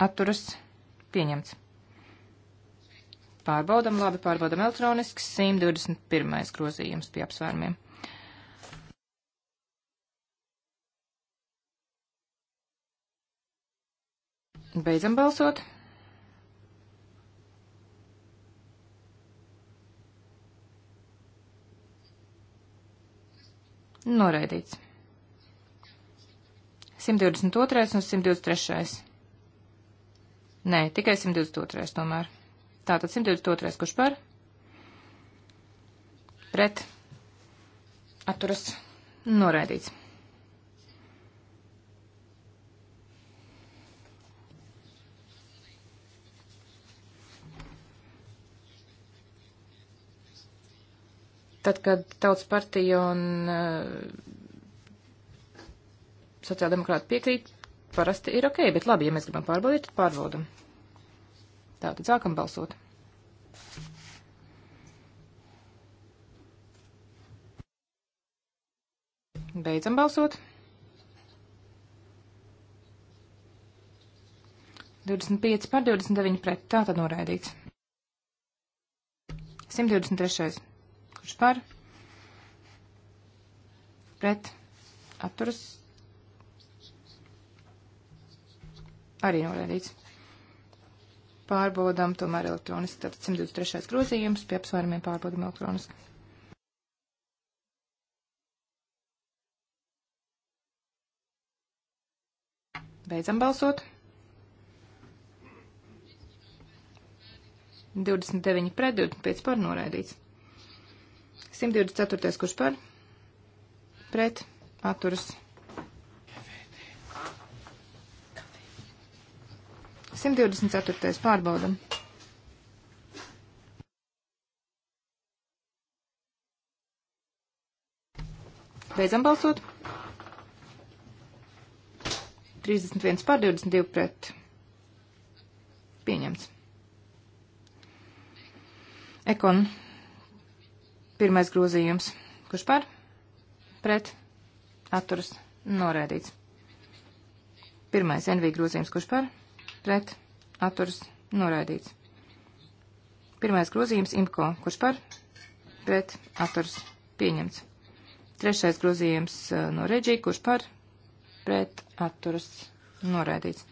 atturas pieņemts. Pārbaudam, labi, pārbaudam elektroniski. 121. grozījums pie apsvērumiem. Beidzam balsot. Noraidīts. 122. un 123. Nē, tikai 122. tomēr. Tātad 122. kurš par? Pret. Atturas. Noraidīts. Tad, kad Tautas partija un uh, sociāldemokrāti piekrīt, parasti ir ok, bet labi, ja mēs gribam pārbaudīt, tad pārbaudam. Tā, tad sākam balsot. Beidzam balsot. 25 par 29 pret. Tā tad noraidīts. 123. Kurš par? Pret. Atturas. Arī norādīts. Pārbaudām tomēr elektroniski. Tātad 123. grozījums pie apsvērumiem pārbaudām elektroniski. Beidzam balsot. 29 pret 25 par noraidīts. 124. kurš par? Pret. Atturas. 124. pārbaudam. Beidzam balsot. 31 pār 22 pret. Pieņemts. Ekon Pirmais grozījums. Kurš par? Pret. Atturas. Norēdīts. Pirmais NV grozījums. Kurš par? Pret. Atturas. Norēdīts. Pirmais grozījums IMCO. Kurš par? Pret. Atturas. Pieņemts. Trešais grozījums uh, no Reģī, kurš par pret atturas noraidīts.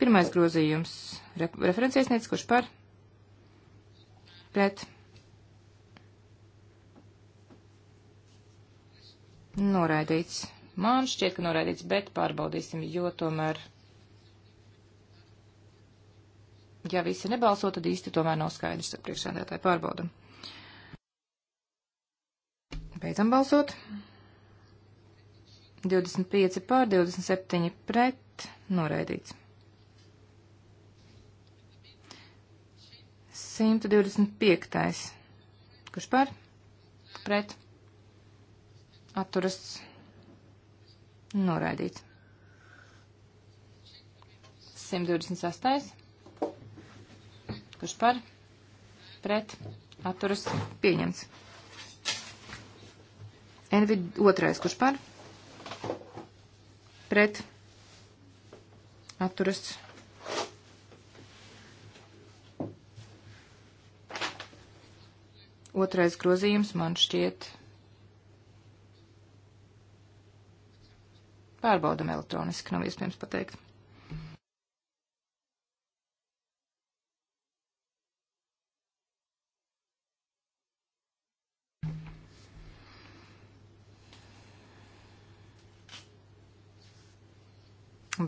Pirmais grozījums re, referenciesnieks, kurš par pret Noraidīts. Man šķiet, ka noraidīts, bet pārbaudīsim, jo tomēr. Ja visi nebalso, tad īsti tomēr nav skaidrs, tad priekšsēdētāji pārbaudam. Beidzam balsot. 25 pār 27 pret noraidīts. 125. Kurš pār? Pret atturas noraidīts. 128. Kurš par? Pret. Atturas pieņemts. Envid otrais. Kurš par? Pret. Atturas. Otrais grozījums man šķiet Pārbaudam elektroniski, nav iespējams pateikt.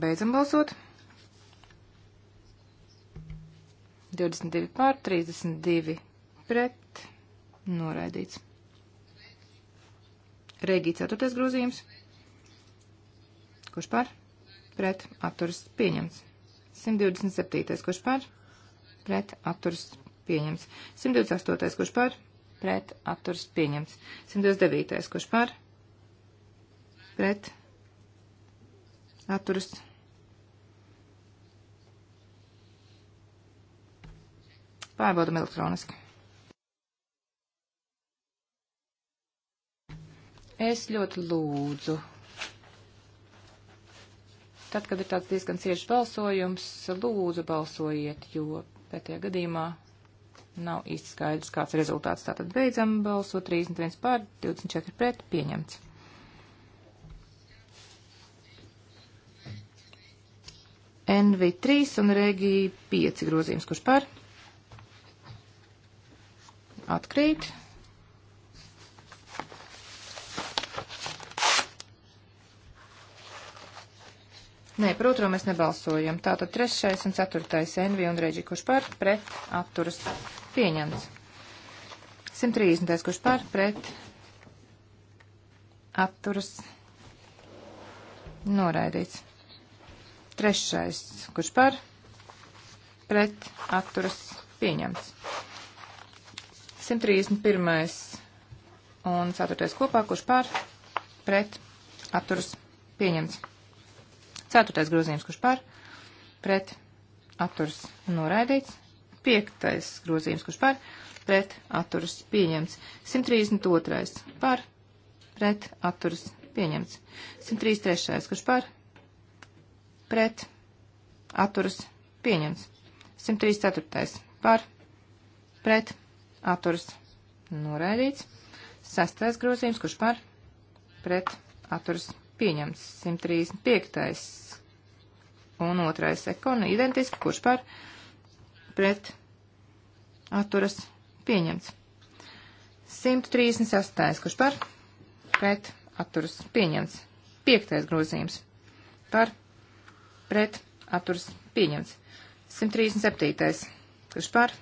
Beidzam balsot. 22 pār 32 pret noraidīts. Rēgī 4. grozījums kurš par, pret, atturas pieņemts. 127. kurš par, pret, atturas pieņemts. 128. kurš par, pret, atturas pieņemts. 129. kurš par, pret, atturas pārbaudam elektroniski. Es ļoti lūdzu tad, kad ir tāds diezgan ciešs balsojums, lūdzu balsojiet, jo pētajā gadījumā nav īsti skaidrs, kāds ir rezultāts. Tātad beidzam balso 31 pār, 24 pret, pieņemts. NV3 un Regi 5 grozījums, kurš par? Atkrīt. Nē, par otro mēs nebalsojam. Tātad trešais un ceturtais Envi un Reģi, kurš par pret atturas pieņemts. 130. kurš par pret atturas noraidīts. Trešais, kurš par pret atturas pieņemts. 131. un 4. kopā, kurš par pret atturas pieņemts. Ceturtais grozījums, kurš par, pret, atturs noraidīts. Piektais grozījums, kurš par, pret, atturs pieņemts. 132. par, pret, atturs pieņemts. 133. kurš par, pret, atturs pieņemts. 134. par, pret, atturs noraidīts. Sastais grozījums, kurš par, pret, atturs pieņemts pieņemts 135. un otrais ekona identiski, kurš par pret atturas pieņemts. 138. kurš par pret atturas pieņemts. Piektais grozījums par pret atturas pieņemts. 137. kurš par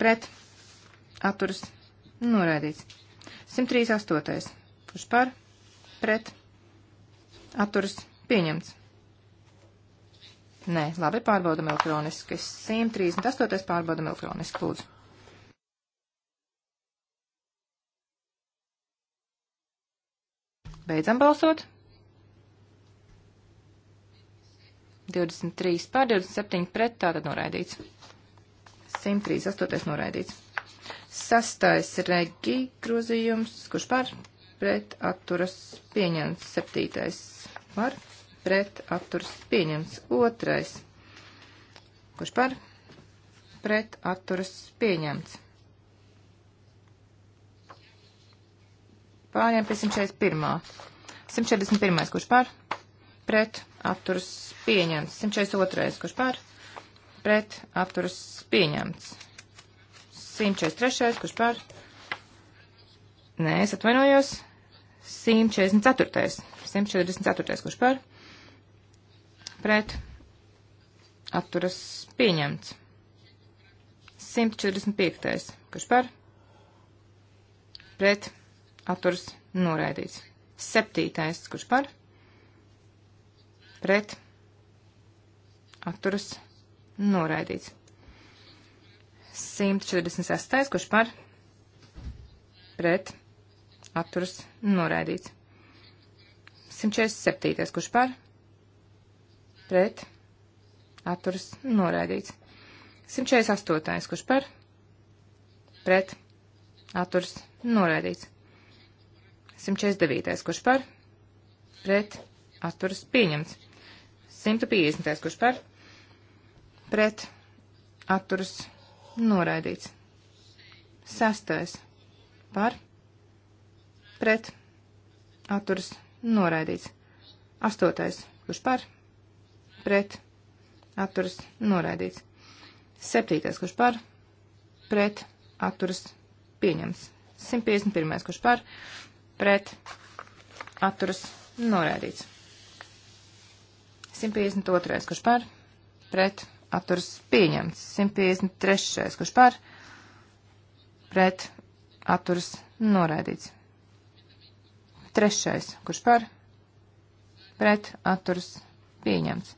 pret atturas noraidīts. 138. kurš par pret atturas pieņemts. Nē, labi, pārbaudam elektroniski. 138. pārbaudam elektroniski, lūdzu. Beidzam balsot. 23 pār 27 pret, tātad noraidīts. 138 noraidīts. Sastais regi grozījums, kurš pār pret atturas pieņemts. Septītais par pret atturas pieņemts. Otrais. Kurš par pret atturas pieņemts? Pārējām pie 141. 141. kurš par pret atturas pieņemts. 142. kurš par pret atturas pieņemts. 143. kurš par Nē, es atvainojos. 144. 144. Kurš par? Pret. Atturas pieņemts. 145. Kurš par? Pret. Atturas noraidīts. 7. Kurš par? Pret. Atturas noraidīts. 146. Kurš par? Pret atturas noraidīts. 147. kurš par, pret, atturas noraidīts. 148. kurš par, pret, atturas noraidīts. 149. kurš par, pret, atturas pieņemts. 150. kurš par, pret, atturas noraidīts. Sastais par, pret pret atturas noraidīts. Astotais, kurš par pret atturas noraidīts. Septītais, kurš par pret atturas pieņems. 151. kurš par pret atturas noraidīts. 152. kurš par pret atturas pieņemts. 153. kurš par pret atturas noraidīts. Trešais, kurš par pret atturas pieņemts.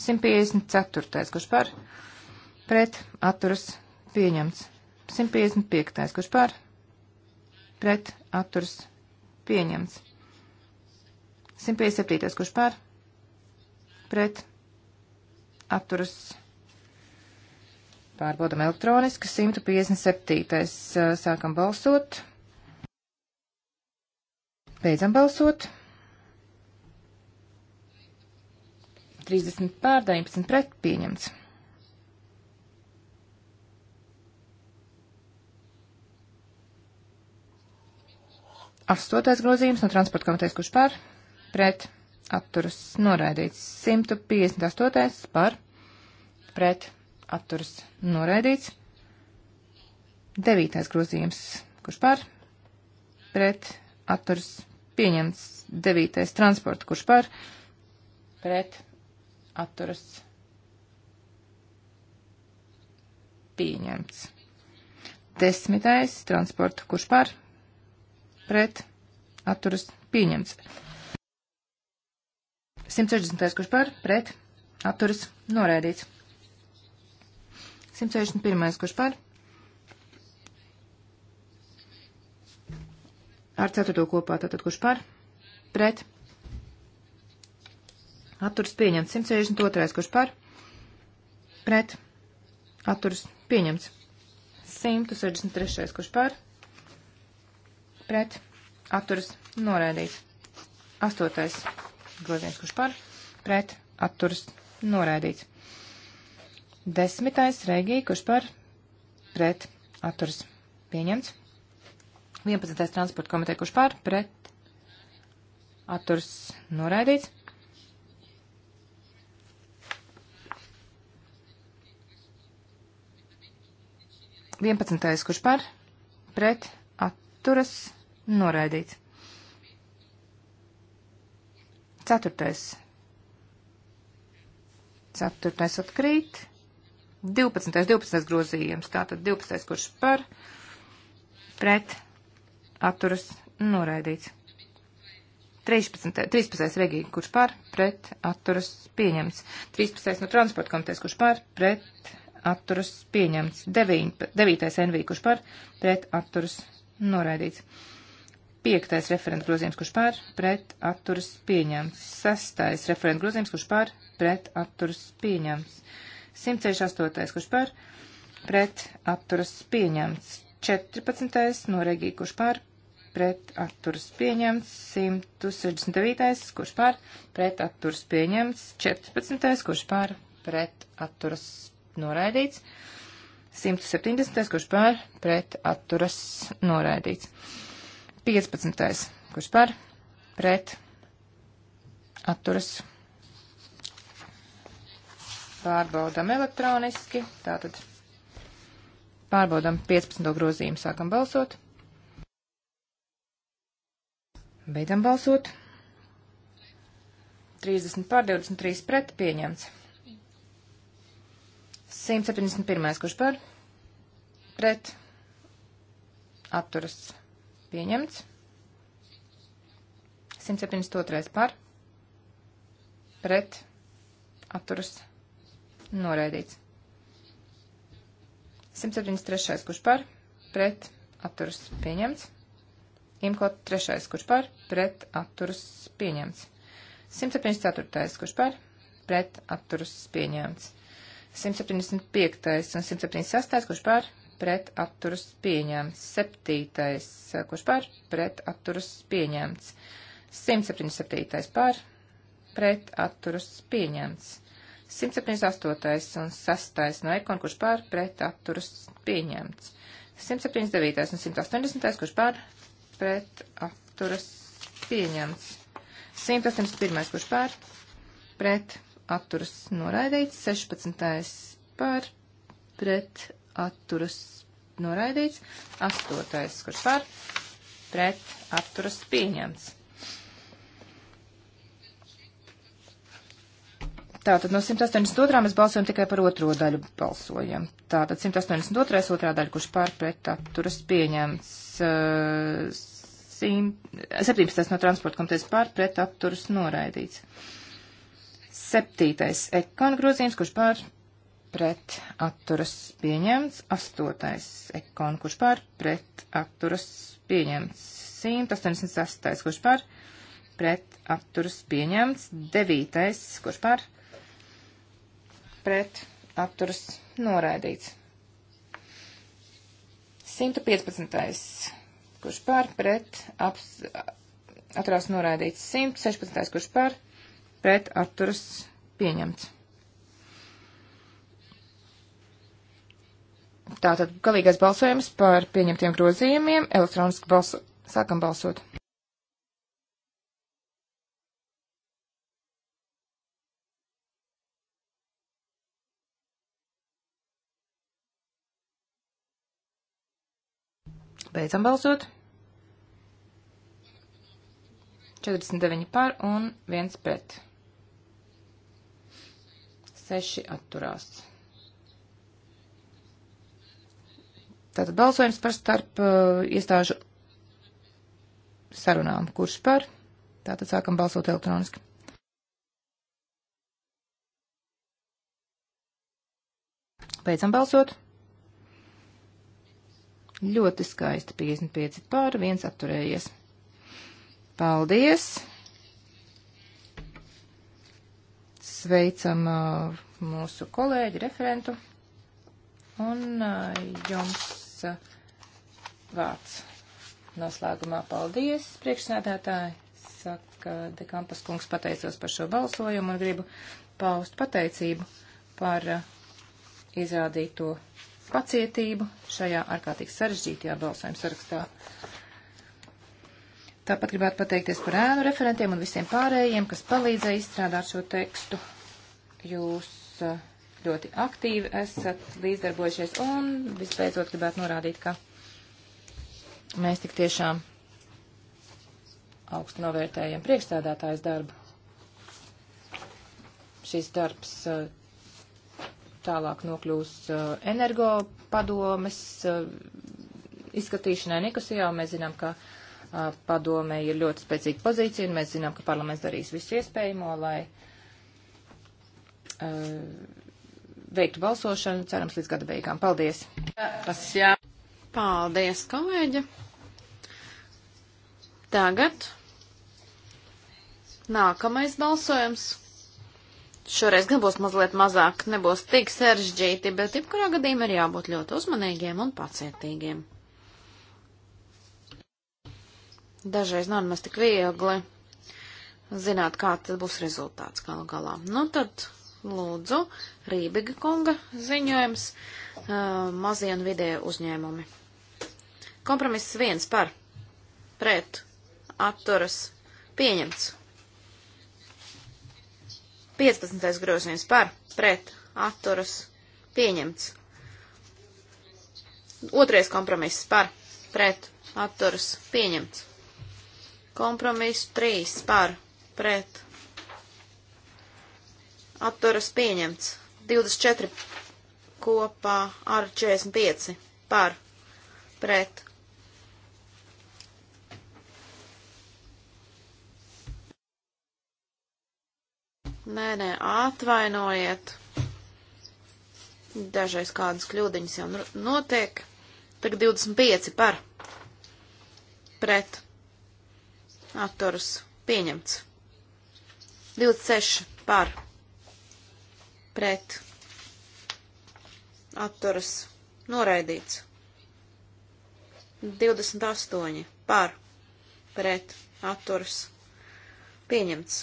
154. kurš par pret atturas pieņemts. 155. kurš par pret atturas pieņemts. 157. kurš par pret atturas pārbaudam elektroniski. 157. sākam balsot. Beidzam balsot. 30 pār 19 pret pieņemts. Astotais grozījums no transporta komitejas, kurš par, pret, atturas, noraidīts. 158. par, pret, atturas, noraidīts. Devītais grozījums, kurš par, pret, atturas, pieņemts. Devītais transporta, kurš par pret atturas pieņemts. Desmitais transporta, kurš par pret atturas pieņemts. 160. kurš par pret atturas noraidīts. 161. kurš par pret ar ceturto kopā. Tātad kurš par? Pret. Atturs pieņemts. 162. Kurš par? Pret. Atturs pieņemts. 163. Kurš par? Pret. Atturs noraidīts. 8. Groziens. Kurš par? Pret. Atturs noraidīts. 10. Reigī. Kurš par? Pret. Atturs pieņemts. 11. transporta komiteja, kurš pār, pret, atturs noraidīts. Vienpadsmitais, kurš par, pret, atturas, noraidīts. Ceturtais. Ceturtais atkrīt. 12. 12. grozījums. Tātad 12. kurš par, pret, atturas noraidīts. 13. 13. regija, kurš par, pret, atturas pieņemts. 13. no transporta komitejas, kurš par, pret, atturas pieņemts. 9. 9. NV, kurš par, pret, atturas noraidīts. 5. referenta grozījums, kurš par, pret, atturas pieņemts. 6. referenta grozījums, kurš par, pret, atturas pieņemts. 168. kurš par, pret, atturas pieņemts. 14. no regija, kurš par, pret atturas pieņemts, 169. kurš pār, pret atturas pieņemts, 14. kurš pār, pret atturas noraidīts, 170. kurš pār, pret atturas noraidīts, 15. kurš pār, pret atturas pārbaudam elektroniski, tātad pārbaudam 15. grozījumu, sākam balsot. Beidzam balsot. 30 pār 23 pret pieņemts. 171. kurš par? Pret. Atturas. Pieņemts. 172. par? Pret. Atturas. Noraidīts. 173. kurš par? Pret. Atturas. Pieņemts. Imko 3. kurš par pret atturas pieņemts. 174. kurš par pret atturas pieņemts. 175. un 176. kurš par pret atturas pieņemts. 7. kurš par pret atturas pieņemts. 177. par pret atturas pieņemts. 178. un 6. no ekon, kurš par pret atturas pieņemts. 179. un 180. kurš par pret atturas pieņemts. 101. kurš pār pret atturas noraidīts. 16. par pret atturas noraidīts. 8. kurš pār pret atturas pieņemts. Tātad no 182. mēs balsojam tikai par otro daļu balsojam. Tātad 182. otrā daļa, kurš pārpret atturas pieņemts. Uh, 17. no transporta komitejas pār pret atturas noraidīts. 7. ekon grozījums, kurš pār pret atturas pieņemts. 8. ekon, kurš pār pret atturas pieņemts. 186. kurš pār pret atturas pieņemts. 9. kurš pār pret atturas noraidīts. 115 kurš par, pret, aps, atturās noraidīts 116, kurš par, pret, atturas pieņemts. Tātad galīgais balsojums par pieņemtiem grozījumiem. Elektroniski balso... sākam balsot. Beidzam balsot. 49 par un 1 pret. 6 atturās. Tātad balsojums par starp uh, iestāžu sarunām. Kurš par? Tātad sākam balsot elektroniski. Beidzam balsot. Ļoti skaisti 55 pār, viens atturējies. Paldies! Sveicam uh, mūsu kolēģi referentu un uh, jums uh, vārds. Noslēgumā paldies, priekšsēdētāji. Saka, Dekampas kungs pateicos par šo balsojumu un gribu paust pateicību par uh, izrādīto pacietību šajā ārkārtīgi sarežģītajā balsojuma sarakstā. Tāpat gribētu pateikties par ēnu referentiem un visiem pārējiem, kas palīdzēja izstrādāt šo tekstu. Jūs eh, ļoti aktīvi esat līdzdarbojušies un visbeidzot gribētu norādīt, ka mēs tik tiešām augstu novērtējam priekšstādātājs darbu. Šis darbs eh, tālāk nokļūs eh, energo padomes eh, izskatīšanai Nikosijā. Mēs zinām, ka eh, padome ir ļoti spēcīga pozīcija, un mēs zinām, ka parlaments darīs visu iespējamo, lai veiktu balsošanu, cerams, līdz gada beigām. Paldies! Paldies, kolēģi! Tagad nākamais balsojums. Šoreiz gan būs mazliet mazāk, nebūs tik sarežģīti, bet jebkurā gadījumā ir jābūt ļoti uzmanīgiem un pacietīgiem. Dažreiz nav nemaz tik viegli zināt, kā tad būs rezultāts galu galā. Nu tad, lūdzu, Rībiga kunga ziņojums uh, mazie un vidēji uzņēmumi. Kompromiss viens par, pret, atturas, pieņemts. 15. grozījums par, pret, atturas, pieņemts. Otrais kompromiss par, pret, atturas, pieņemts. Kompromiss 3 par, pret, atturas, pieņemts. 24 kopā ar 45 par, pret, Nē, nē, atvainojiet. Dažreiz kādas kļūdiņas jau nu- notiek. Tagad 25 par. Pret. Atturas. Pieņemts. 26 par. Pret. Atturas. Noraidīts. 28 par. Pret. Atturas. Pieņemts.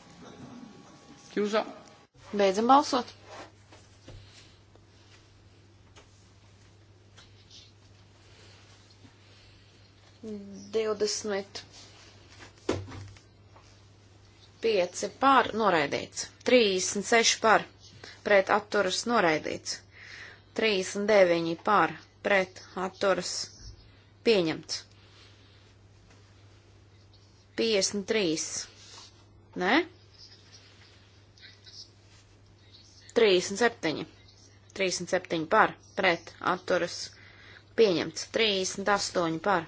Chiusa. Beidzam balsot. Divdesmit pieci par noraidīts, trīsdesmit seši par pret atturas noraidīts, trīsdesmit deviņi par pret atturas pieņemts, piecdesmit trīs, ne? 37. 37 par, pret, atturas, pieņemts. 38 par.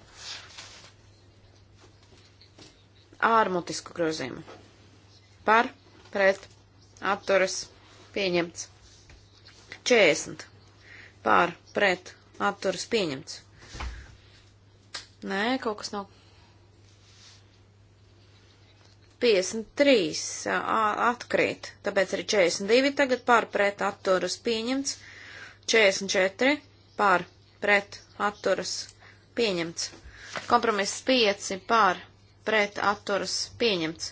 Ārmutisku grozījumu. Par, pret, atturas, pieņemts. 40. Par, pret, atturas, pieņemts. Nē, kaut kas nav 53 atkrīt, tāpēc arī 42 tagad par pret atturas pieņemts, 44 par pret atturas pieņemts, kompromiss 5 par pret atturas pieņemts,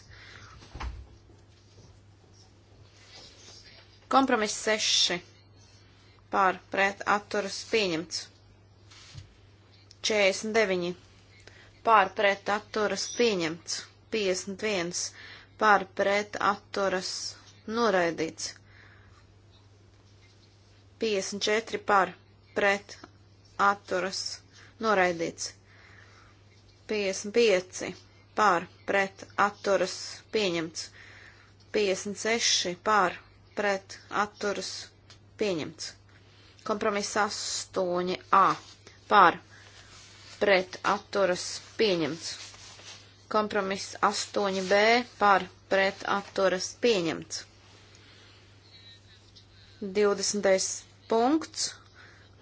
kompromiss 6 par pret atturas pieņemts, 49 par pret atturas pieņemts. 51 par pret atturas noraidīts. 54 par pret atturas noraidīts. 55 par pret atturas pieņemts. 56 par pret atturas pieņemts. Kompromiss 8a par pret atturas pieņemts. Kompromiss 8b par pret atturas pieņemts. 20. punkts.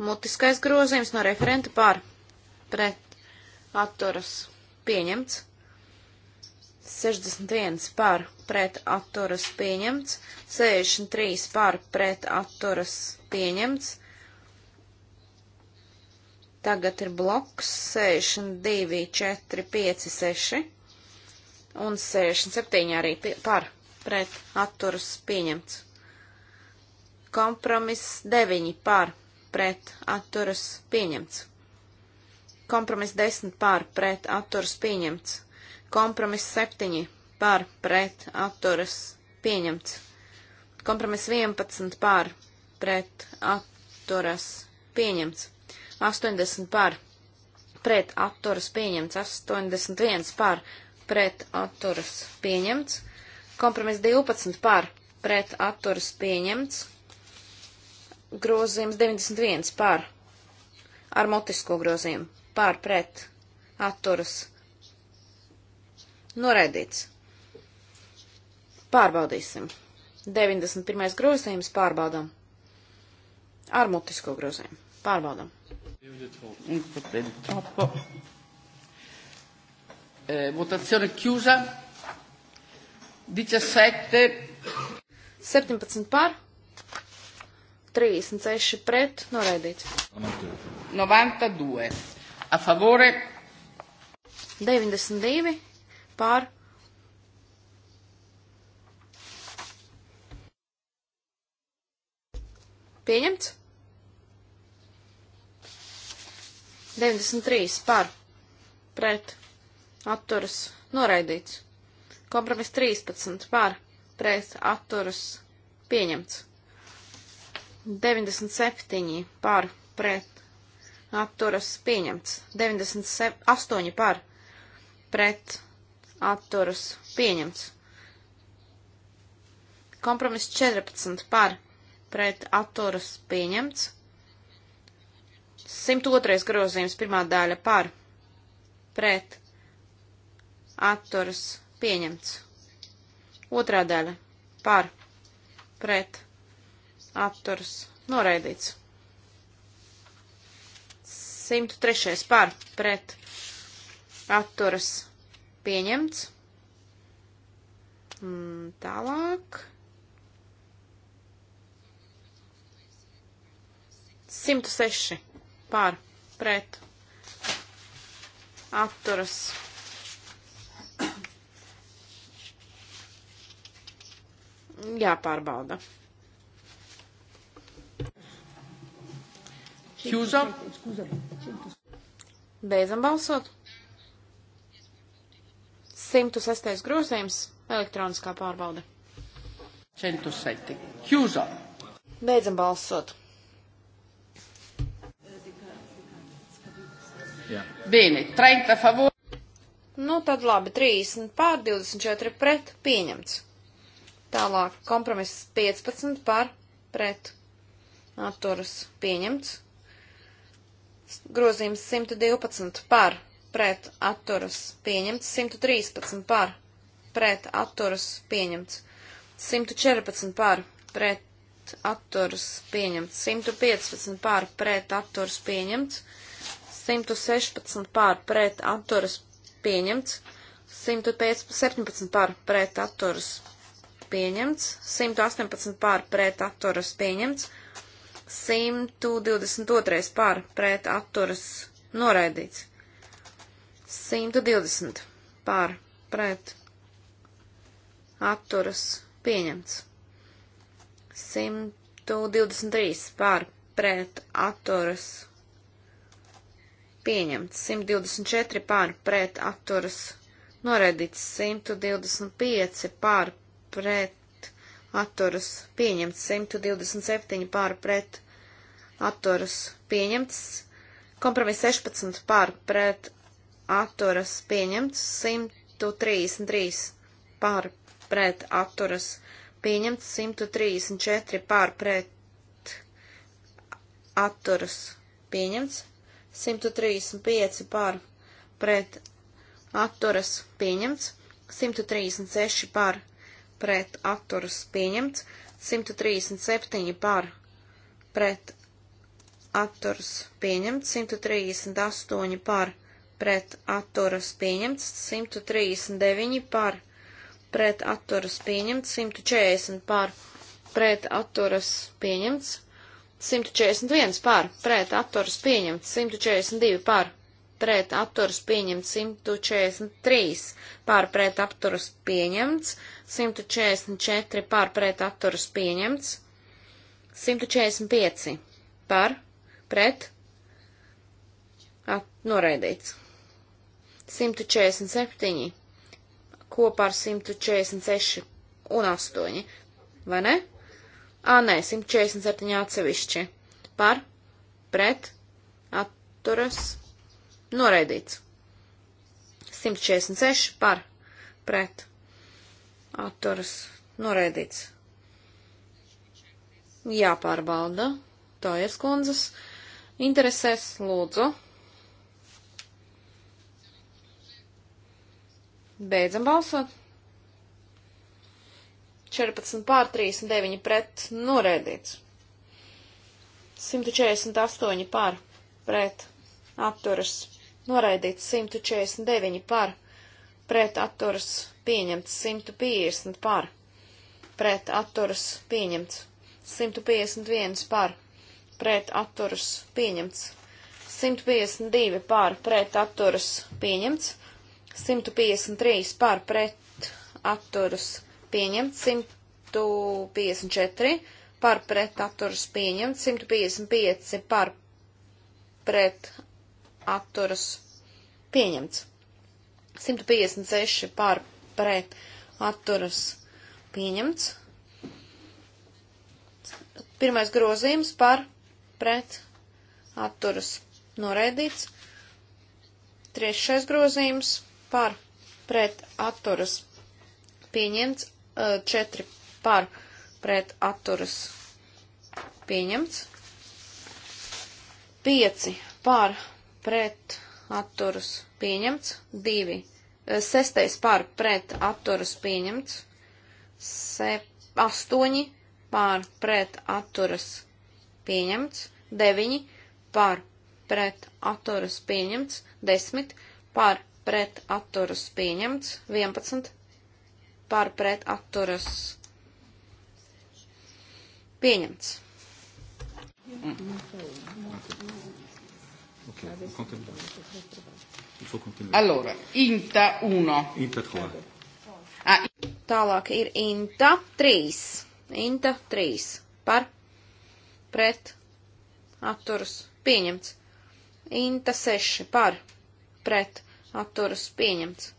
Mutiskais grozījums no referenta par pret atturas pieņemts. 61 par pret atturas pieņemts, 63 par pret atturas pieņemts. Tagad ir bloks 62, 4, 5, 6 un 67 arī pie, par pret atturas pieņemts. Kompromiss 9 par pret atturas pieņemts. Kompromiss 10 par pret atturas pieņemts. Kompromiss 7 par pret atturas pieņemts. Kompromiss 11 par pret atturas pieņemts. 80 par pret atturas pieņemts. 81 par pret atturas pieņemts. Kompromiss 12 par pret atturas pieņemts. Grozījums 91 par ar motisko grozījumu par pret atturas noraidīts. Pārbaudīsim. 91. grozījums pārbaudām. Ar mutisko grozījumu. Pārbaudām. Eh, votazione chiusa. 17. 17 par. 36 pret. Noraidīts. 92. A favore. 92 par. Pieņemts. 93 par. Pret atturas noraidīts. Kompromiss 13 par pret atturas pieņemts. 97 par pret atturas pieņemts. 98 par pret atturas pieņemts. Kompromiss 14 par pret atturas pieņemts. 102. grozījums pirmā daļa par pret atturas pieņemts. Otrā daļa par pret atturas noraidīts. 103. par pret atturas pieņemts. Mm, tālāk. 106 par pret atturas pieņemts jāpārbauda. Hjūza. Beidzam balsot. 106. grozījums - elektroniskā pārbauda. 107. Hjūza. Beidzam balsot. Jā. Bīni, 30 favori. Nu, tad labi, 30 pār 24 pret pieņemts. Tālāk kompromiss 15 par pret atturas pieņemts. Grozījums 112 par pret atturas pieņemts. 113 par pret atturas pieņemts. 114 par pret atturas pieņemts. 115 par pret atturas pieņemts. 116 par pret atturas pieņemts. 117 par pret atturas pieņemts pieņemts, 118 pār pret atturas pieņemts, 122 pār pret atturas noraidīts, 120 pār pret atturas pieņemts, 123 pār pret atturas pieņemts, 124 pār pret atturas noraidīts, 125 pār pret atturas pieņemts 127 pār pret atturas pieņemts. Kompromiss 16 pār pret atturas pieņemts 133 pār pret atturas pieņemts 134 pār pret atturas pieņemts 135 pār pret atturas pieņemts 136 pār pret atturas pieņemts, 137 par pret atturas pieņemts, 138 par pret atturas pieņemts, 139 par pret atturas pieņemts, 140 par pret atturas pieņemts, 141 par pret atturas pieņemts, 142 par pret atturas pieņemts 143, pār pret atturas pieņemts 144 par pret atturas pieņemts, 145 par pret at, noraidīts, 147 kopā ar 146 un 8, vai ne? Ā, nē, 147 atsevišķi par pret atturas noraidīts, 146 par pret atturas noraidīts. Jāpārbauda. Tā ir skundzes. Interesēs, lūdzu. Beidzam balsot. 14 pār 39 pret noraidīts. 148 pār pret apturas noraidīts. 149 pār pret pret atturas pieņemts 150 par, pret atturas pieņemts 151 par, pret atturas pieņemts 152 par, pret atturas pieņemts 153 par, pret atturas pieņemts 154 par, pret atturas pieņemts 155 par, pret atturas pieņemts. 156 pār pret atturas pieņemts. Pirmais grozījums par pret atturas noraidīts. Trešais grozījums par pret atturas pieņemts. Četri par pret atturas pieņemts. Pieci par pret atturas atturas pieņemts, 2, 6 eh, par pret atturas pieņemts, 8 par pret atturas pieņemts, 9 par pret atturas pieņemts, 10 par pret atturas pieņemts, 11 par pret atturas pieņemts. Mm. Ok, on continue. Il faut continuer. Allora, Inta 1. Inta 3. Ah, tālāk ir Inta 3. Inta 3. Par, pret, atturas, pieņemts. Inta 6. Par, pret, atturas, pieņemts.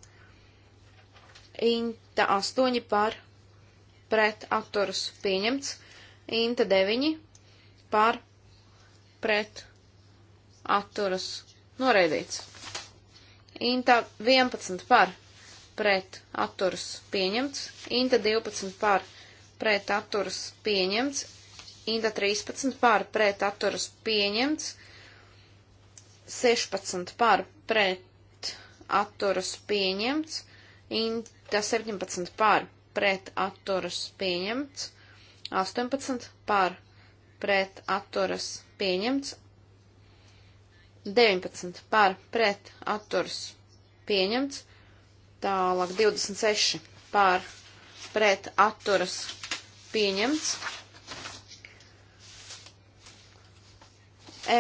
Inta 8. Par, pret, atturas, pieņemts. Inta 9. Par, pret, atturas noraidīts. Inta 11 par pret atturas pieņemts, Inta 12 par pret atturas pieņemts, Inta 13 par pret atturas pieņemts, 16 par pret atturas pieņemts, Inta 17 par pret atturas pieņemts, 18 par pret atturas pieņemts, 19 par pret atturs pieņemts. Tālāk 26 par pret atturas pieņemts.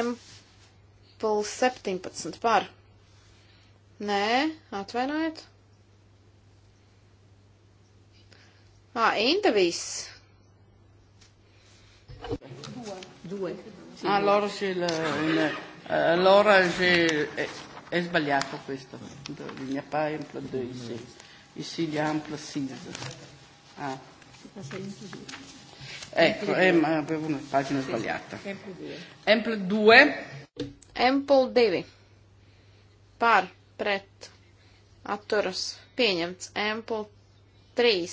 M plus 17 par. Nē, atvainojiet. Ā, Indavīs. Due. Due. Allora c'è il... Allora eh, è sbagliato questo, il n'y a pas un plus 2 ici, ici il y a un plus 6. Ah. Ecco, eh, ma avevo una pagina sbagliata. Ample 2. Ample 2. Par, pret, atturas, pieņemts. Ample 3.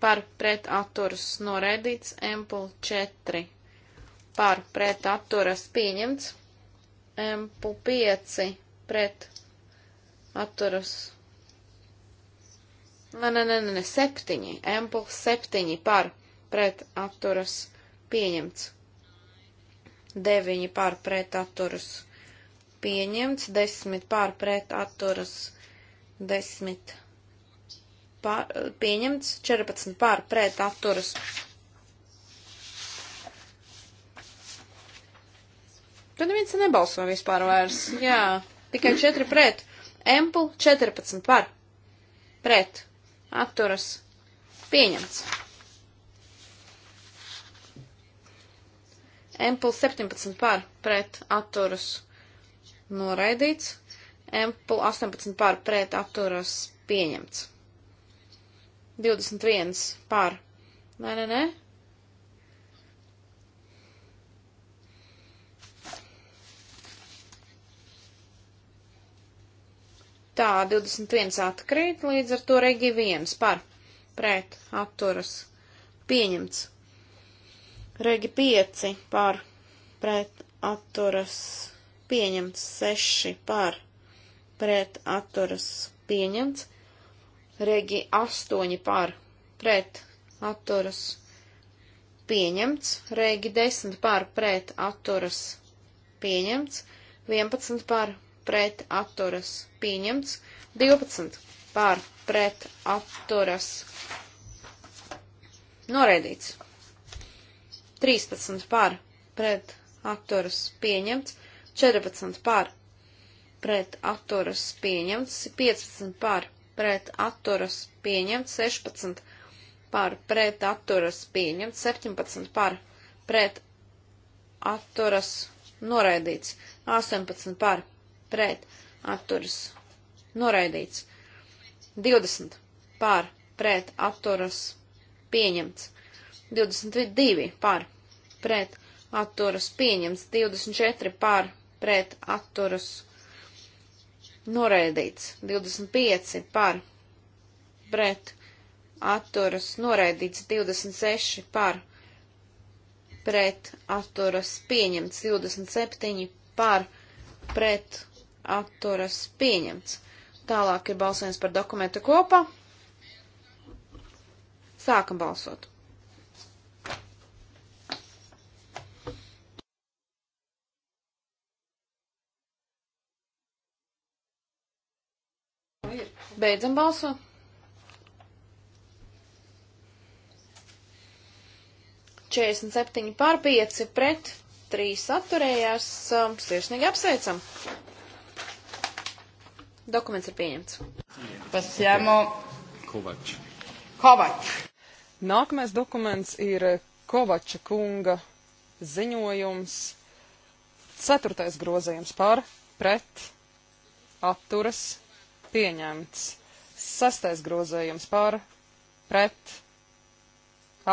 Par, pret, atturas, noraidīts. Ample 4 par pret atturas pieņemts, MP5 pret atturas. Nē, nē, nē, nē, septiņi, MP7 par pret atturas pieņemts, 9 par pret atturas pieņemts, 10 par pret atturas 10 par, pieņemts, 14 par pret atturas pieņemts Tad neviens nebalso vispār vairs. Jā, tikai 4 pret. Empul 14 par. Pret. Atturas. Pieņemts. Empul 17 par. Pret. Atturas. Noraidīts. Empul 18 par. Pret. Atturas. Pieņemts. 21 par. Nē, nē, nē. Tā, 21 atkrīt, līdz ar to regi 1 par pret atturas pieņemts. Regi 5 par pret atturas pieņemts, 6 par pret atturas pieņemts, regi 8 par pret atturas pieņemts, regi 10 par pret atturas pieņemts, 11 par pret atturas pieņemts, 12 par pret atturas noraidīts, 13 par pret atturas pieņemts, 14 par pret atturas pieņemts, 15 par pret atturas pieņemts, 16 par pret atturas pieņemts, 17 par pret atturas noraidīts, 18 par pret atturas noraidīts. 20 pār pret atturas pieņemts. 22 pār pret atturas pieņemts. 24 pār pret atturas noraidīts. 25 pār pret atturas noraidīts. 26 pār pret atturas pieņemts. 27 pār pret atturas atturas pieņemts. Tālāk ir balsojums par dokumentu kopā. Sākam balsot. Beidzam balsot. Četrdesmit septiņi pār pieci pret trīs atturējās. Sirsnīgi apsveicam! Dokuments ir pieņemts. Pasiemo. Kovač. Kovač. Nākamais dokuments ir Kovača kunga ziņojums. Ceturtais grozījums par, pret, atturas, pieņemts. Sestais grozījums par, pret,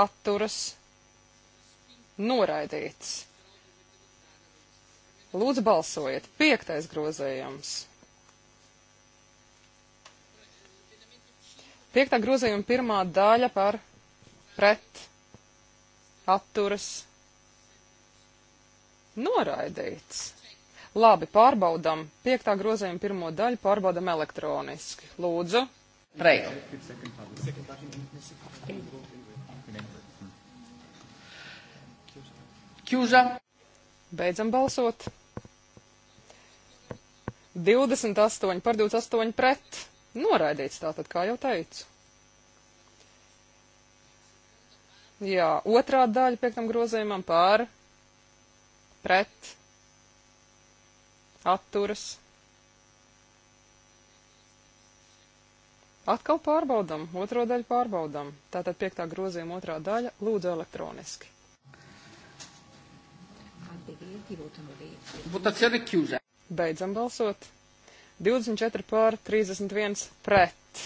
atturas, noraidīts. Lūdzu, balsojiet. Piektais grozījums. Piektā grozījuma pirmā daļa par pret atturas noraidīts. Labi, pārbaudam piektā grozījuma pirmo daļu, pārbaudam elektroniski. Lūdzu. Reilu. Kjuža. Beidzam balsot. 28 par 28 pret. Noraidīts tātad, kā jau teicu. Jā, otrā daļa piektam grozījumam pār, pret, atturas. Atkal pārbaudam, otro daļu pārbaudam. Tātad piektā grozījuma otrā daļa lūdzu elektroniski. Beidzam balsot. 24 pār 31 pret.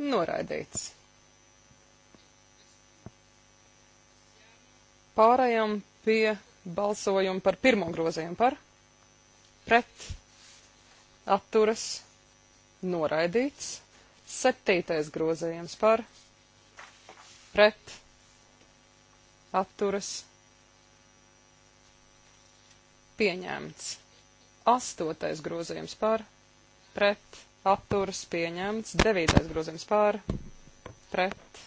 Noraidīts. Pārējām pie balsojuma par pirmo grozījumu par pret atturas noraidīts. Septītais grozījums par pret atturas pieņemts. Astotais grozījums par, pret, atturas pieņemts. Devītais grozījums par, pret,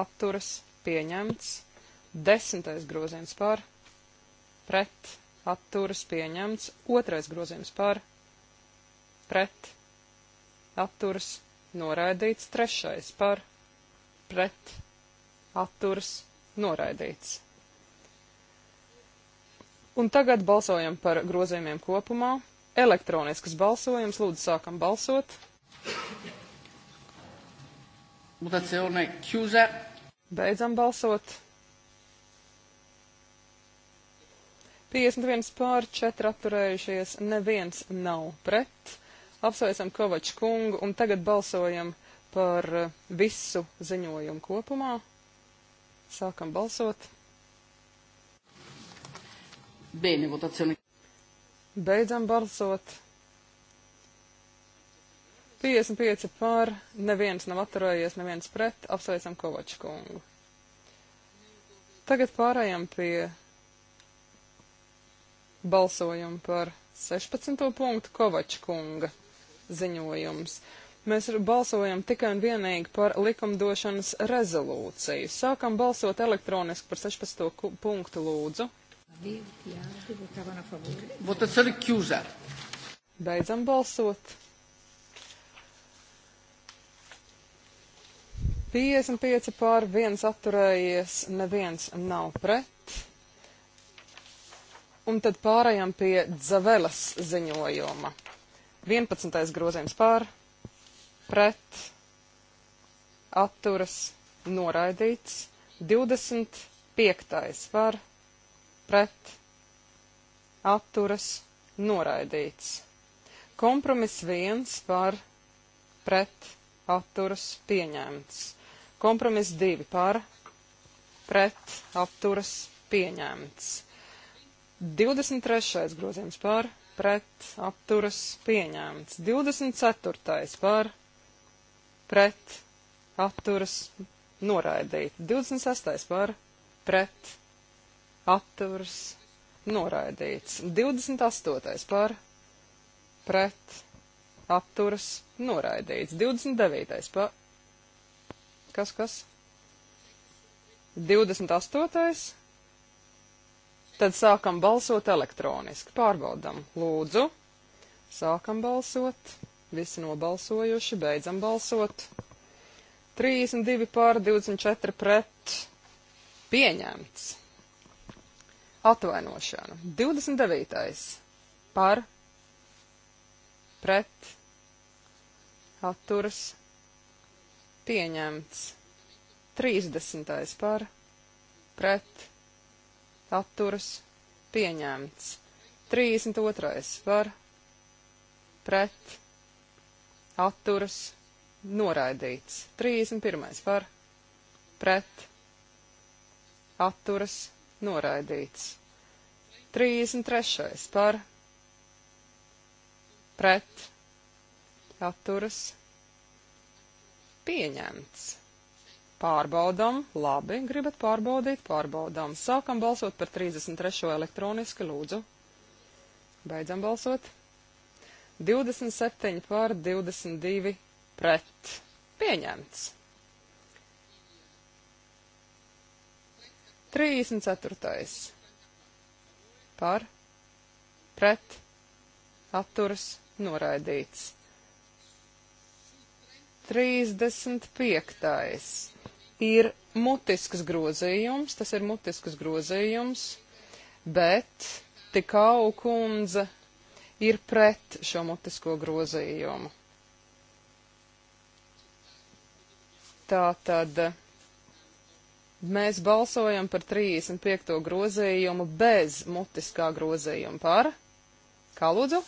atturas pieņemts. Desmitais grozījums par, pret, atturas pieņemts. Otrais grozījums par, pret, atturas noraidīts. Trešais par, pret, atturas noraidīts. Un tagad balsojam par grozījumiem kopumā. Elektronisks balsojums. Lūdzu, sākam balsot. Mutazione chiusa. Beidzam balsot. 51 pār 4 atturējušies, neviens nav pret. Apsveicam Kovaču kungu un tagad balsojam par visu ziņojumu kopumā. Sākam balsot. Bene, votazione. Beidzam balsot. 55 pār, neviens nav atturējies, neviens pret, apsveicam Kovaču kungu. Tagad pārējām pie balsojuma par 16. punktu Kovaču kunga ziņojums. Mēs balsojam tikai un vienīgi par likumdošanas rezolūciju. Sākam balsot elektroniski par 16. punktu lūdzu. Votazione chiusa. Beidzam balsot. 55 pār 1 atturējies, neviens nav pret. Un tad pārējām pie Dzavelas ziņojuma. 11. grozījums pār, pret, atturas, noraidīts. 25. pār, pret atturas noraidīts. Kompromiss viens par pret atturas pieņemts. Kompromiss divi par pret atturas pieņemts. 23. grozījums par pret apturas pieņēmts. 24. par pret apturas noraidīt. 26. par pret atturas noraidīts. 28. par pret atturas noraidīts. 29. par kas kas? 28. Tad sākam balsot elektroniski. Pārbaudam, lūdzu. Sākam balsot. Visi nobalsojuši, beidzam balsot. 32 pār 24 pret pieņemts atvainošanu. 29. par, pret, atturas, pieņemts. 30. par, pret, atturas, pieņemts. 32. par, pret, atturas, noraidīts. 31. par, pret, atturas, pieņemts noraidīts. 33. par pret atturas pieņemts. Pārbaudām, labi, gribat pārbaudīt, pārbaudām. Sākam balsot par 33. elektroniski, lūdzu. Beidzam balsot. 27 pār 22 pret. Pieņemts. 34. par, pret, atturas, noraidīts. 35. ir mutisks grozījums, tas ir mutisks grozījums, bet tikau kundze ir pret šo mutisko grozījumu. Tā tad Mēs balsojam par 35. grozījumu bez mutiskā grozījuma par. Kā lūdzu?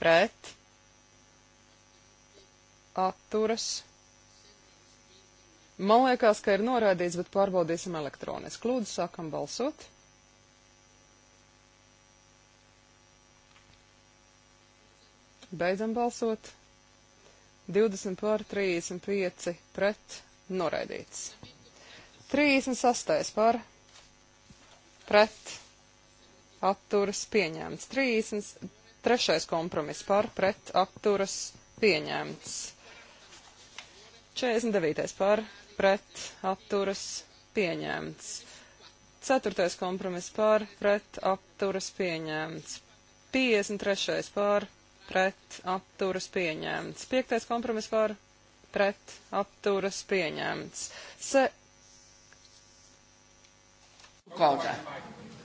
Pret. Atturas. Man liekas, ka ir noraidīts, bet pārbaudīsim elektroniski. Lūdzu, sākam balsot. Beidzam balsot. 20 pār 35 pret noraidīts. 36. par pret atturas pieņemts. 33. kompromiss par pret atturas pieņemts. 49. par pret atturas pieņemts. 4. kompromiss par pret atturas pieņemts. 53. par pret atturas pieņemts. 5. kompromiss par pret atturas pieņemts. Se Cosa?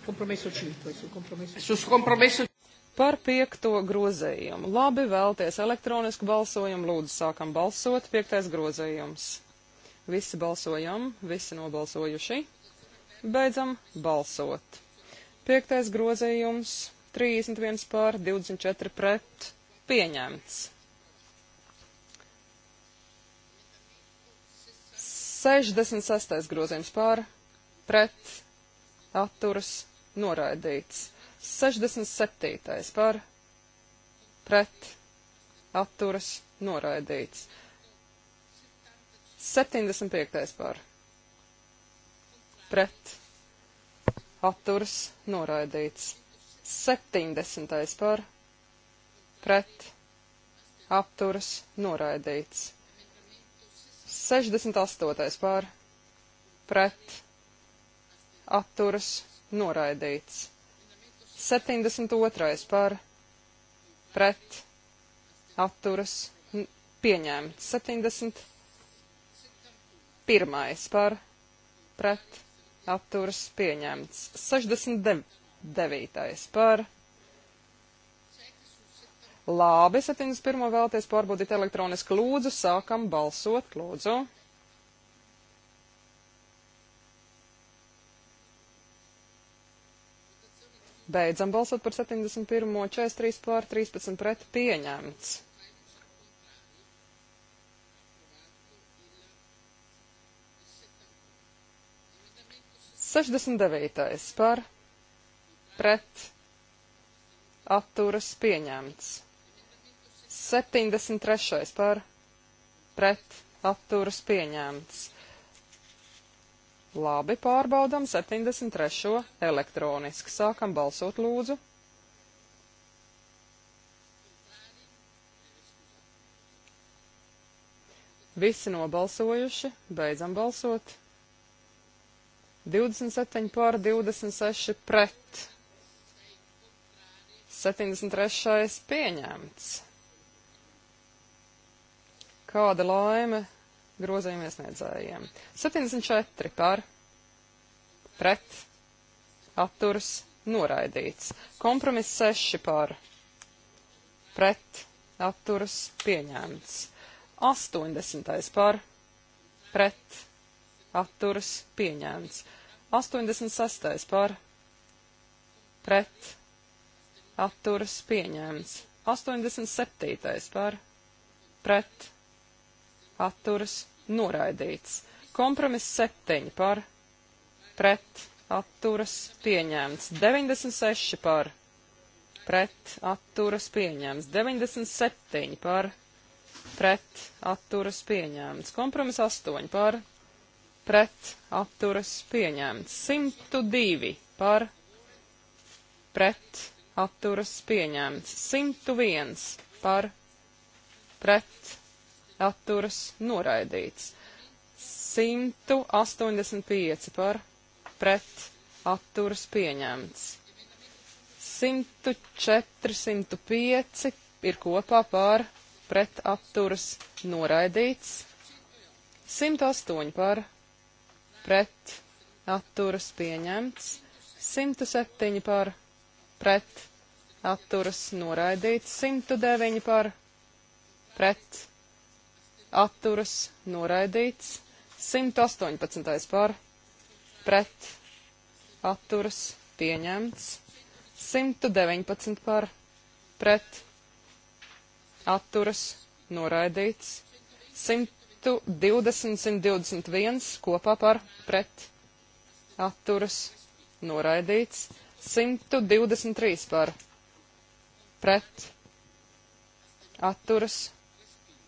Kompromiso 5. Sul kompromiso 5. Sus kompromiso 5 par piekto grozījumu. Labi, vēlties elektronisku balsojumu, lūdzu sākam balsot, piektais grozījums. Visi balsojam, visi nobalsojuši. Beidzam balsot. Piektais grozījums 31 pār 24 pret pieņemts. 66. grozījums pār pret atturas noraidīts. 67. par pret atturas noraidīts. 75. par pret atturas noraidīts. 70. par pret atturas noraidīts. 68. par pret atturas noraidīts. 72. par pret atturas pieņemts. 71. par pret atturas pieņemts. 69. par Labi, 71. vēlties pārbaudīt elektroniski lūdzu, sākam balsot, lūdzu. Beidzam balsot par 71. 43 pār 13 pret pieņemts. Sešdesmit devītais par pret atturas pieņemts. 73. par pret atturas pieņemts. Labi, pārbaudam 73. elektroniski. Sākam balsot lūdzu. Visi nobalsojuši, beidzam balsot. 27 pār 26 pret. 73. pieņemts. Kāda laime grozījuma iesniedzējiem. 74 par pret atturas noraidīts. Kompromiss 6 par pret atturas pieņemts. 80 par pret atturas pieņemts. 86 par pret atturas pieņemts. 87 par pret atturas noraidīts. Kompromiss 7 par pret atturas pieņemts. 96 par pret atturas pieņemts. 97 par pret atturas pieņemts. Kompromiss 8 par pret atturas pieņemts. 102 par pret atturas pieņemts. 101 par pret atturas noraidīts. 185 par pret atturas pieņemts. 104, 105 ir kopā par pret atturas noraidīts. 108 par pret atturas pieņemts. 107 par pret atturas noraidīts. 109 par pret atturas atturas noraidīts. 118. par pret atturas pieņemts. 119 par pret atturas noraidīts. 120, 121 kopā par pret atturas noraidīts. 123 par pret atturas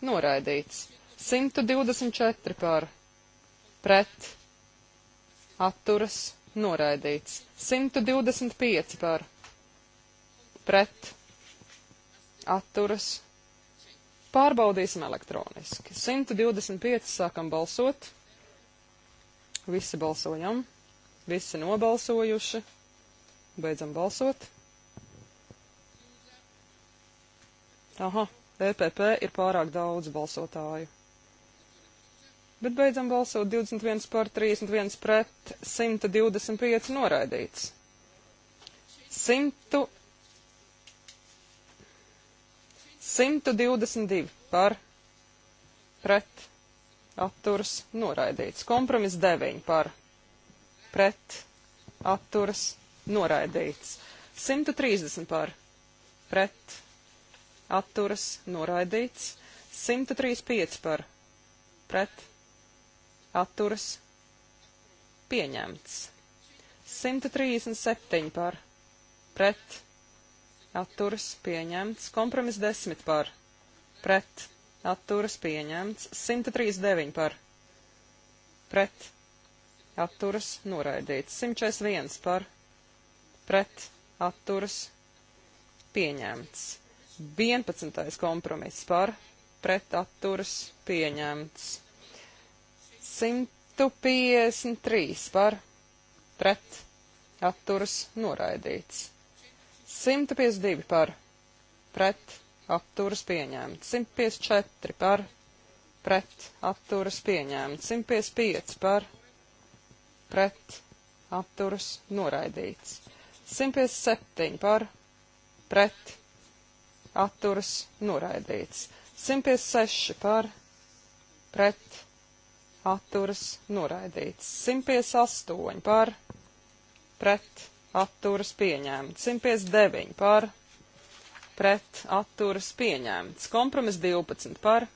noraidīts. 124 par pret atturas noraidīts. 125 par pret atturas. Pārbaudīsim elektroniski. 125 sākam balsot. Visi balsojam. Visi nobalsojuši. Beidzam balsot. Aha, EPP ir pārāk daudz balsotāju. Bet beidzam balsot 21 par 31 pret 125 noraidīts. 100, 122 par pret atturas noraidīts. Kompromis 9 par pret atturas noraidīts. 130 par pret atturas noraidīts. 135 par pret atturas noraidīts atturas pieņemts. 137 par pret atturas pieņemts. Kompromis 10 par pret atturas pieņemts. 139 par pret atturas noraidīts. 141 par pret atturas pieņemts. 11. kompromiss par pret atturas pieņemts. 153 par pret atturas noraidīts. 152 par pret atturas pieņēmts. 154 par pret atturas pieņēmts. 155 par pret atturas noraidīts. 157 par pret atturas noraidīts. 156 par pret atturas noraidīts atturas noraidīts. 158 par pret atturas pieņēmts. 159 par pret atturas pieņēmts. Kompromis 12 par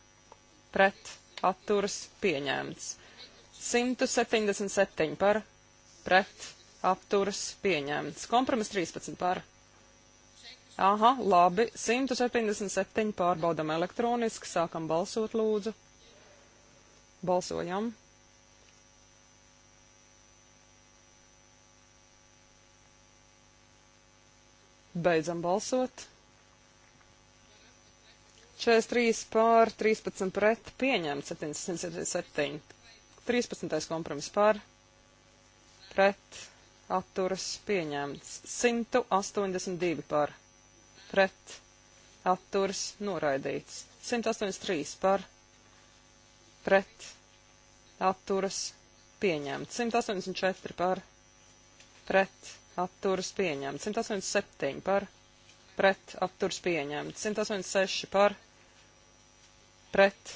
pret atturas pieņēmts. 177 par pret atturas pieņēmts. Kompromis 13 par. Aha, labi, 177 pārbaudam elektroniski, sākam balsot lūdzu. Balsojam! Beidzam balsot! 43 pār, 13 pret, pieņemts 777. 13. kompromiss pār, pret, atturas, pieņemts 182 pār, pret, atturas, noraidīts 183 pār, pret atturas pieņemts. 184 par pret atturas pieņemts. 187 par pret atturas pieņemts. 186 par pret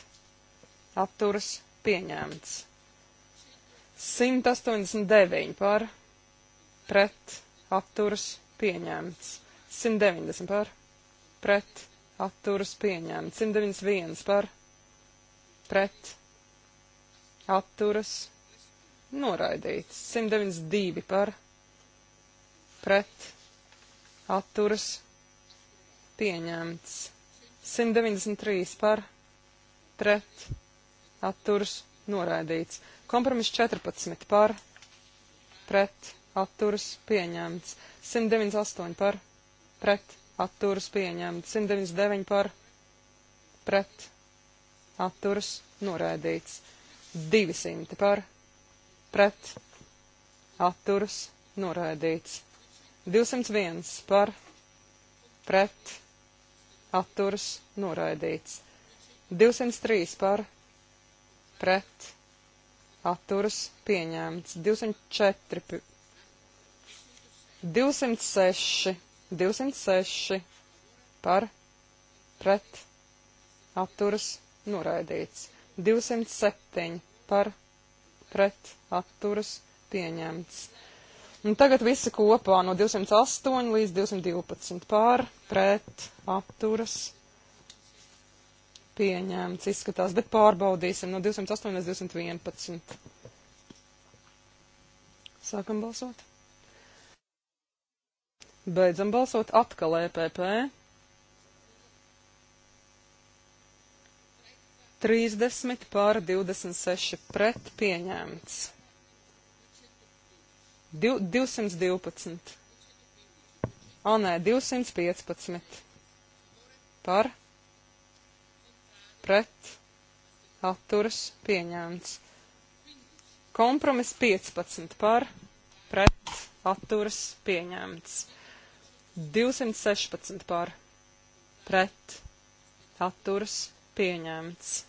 atturas pieņemts. 189 par pret atturas pieņemts. 190 par pret atturas pieņemts. 191 par pret pret atturas noraidīts. 192 par pret atturas pieņemts. 193 par pret atturas noraidīts. Kompromiss 14 par pret atturas pieņemts. 198 par pret atturas pieņemts. 199 par pret atturas noraidīts. 200 par pret atturas noraidīts. 201 par pret atturas noraidīts. 203 par pret atturas pieņēmts. 204 206, 206 par pret atturas noraidīts. 207 par pret atturas pieņemts. Un tagad visi kopā no 208 līdz 212 par pret atturas pieņemts izskatās, bet pārbaudīsim no 208 līdz 211. Sākam balsot. Beidzam balsot atkal EPP. 30 pār 26 pret pieņēmts. 212. O, nē, 215. Par. Pret. Atturas pieņēmts. Kompromis 15 par. Pret. Atturas pieņēmts. 216 par. Pret. Atturas pieņēmts.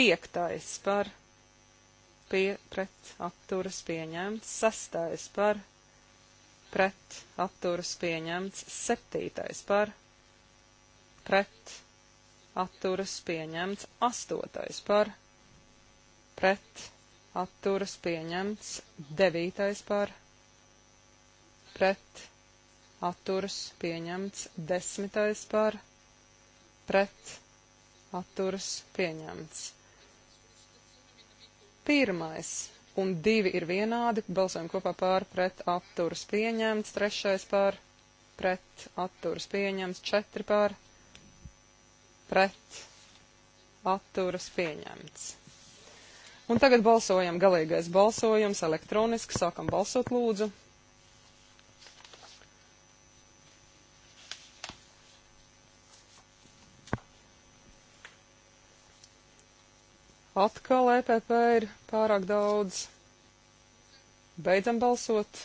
Piektais par pie, pret atturas pieņemts. Sastais par pret atturas pieņemts. Septītais par pret atturas pieņemts. Astotais par pret atturas pieņemts. Devītais par pret atturas pieņemts. Desmitais par pret atturas pieņemts. Pirmais un divi ir vienādi, balsojam kopā pār pret atturas pieņemts, trešais pār pret atturas pieņemts, četri pār pret atturas pieņemts. Un tagad balsojam galīgais balsojums elektroniski, sākam balsot lūdzu. Atkal EPP ir pārāk daudz. Beidzam balsot.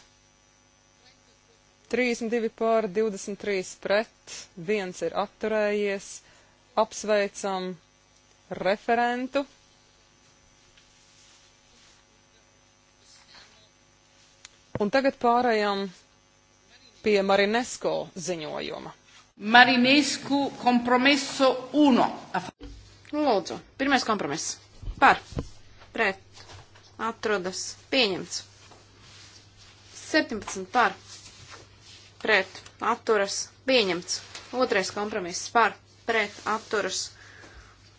32 pār 23 pret, viens ir atturējies. Apsveicam referentu. Un tagad pārējām pie Marinesko ziņojuma. Marinesku kompromisu 1. Lūdzu, pirmais kompromiss par pret atturas pieņemts. 17 par pret atturas pieņemts. Otrais kompromiss par pret atturas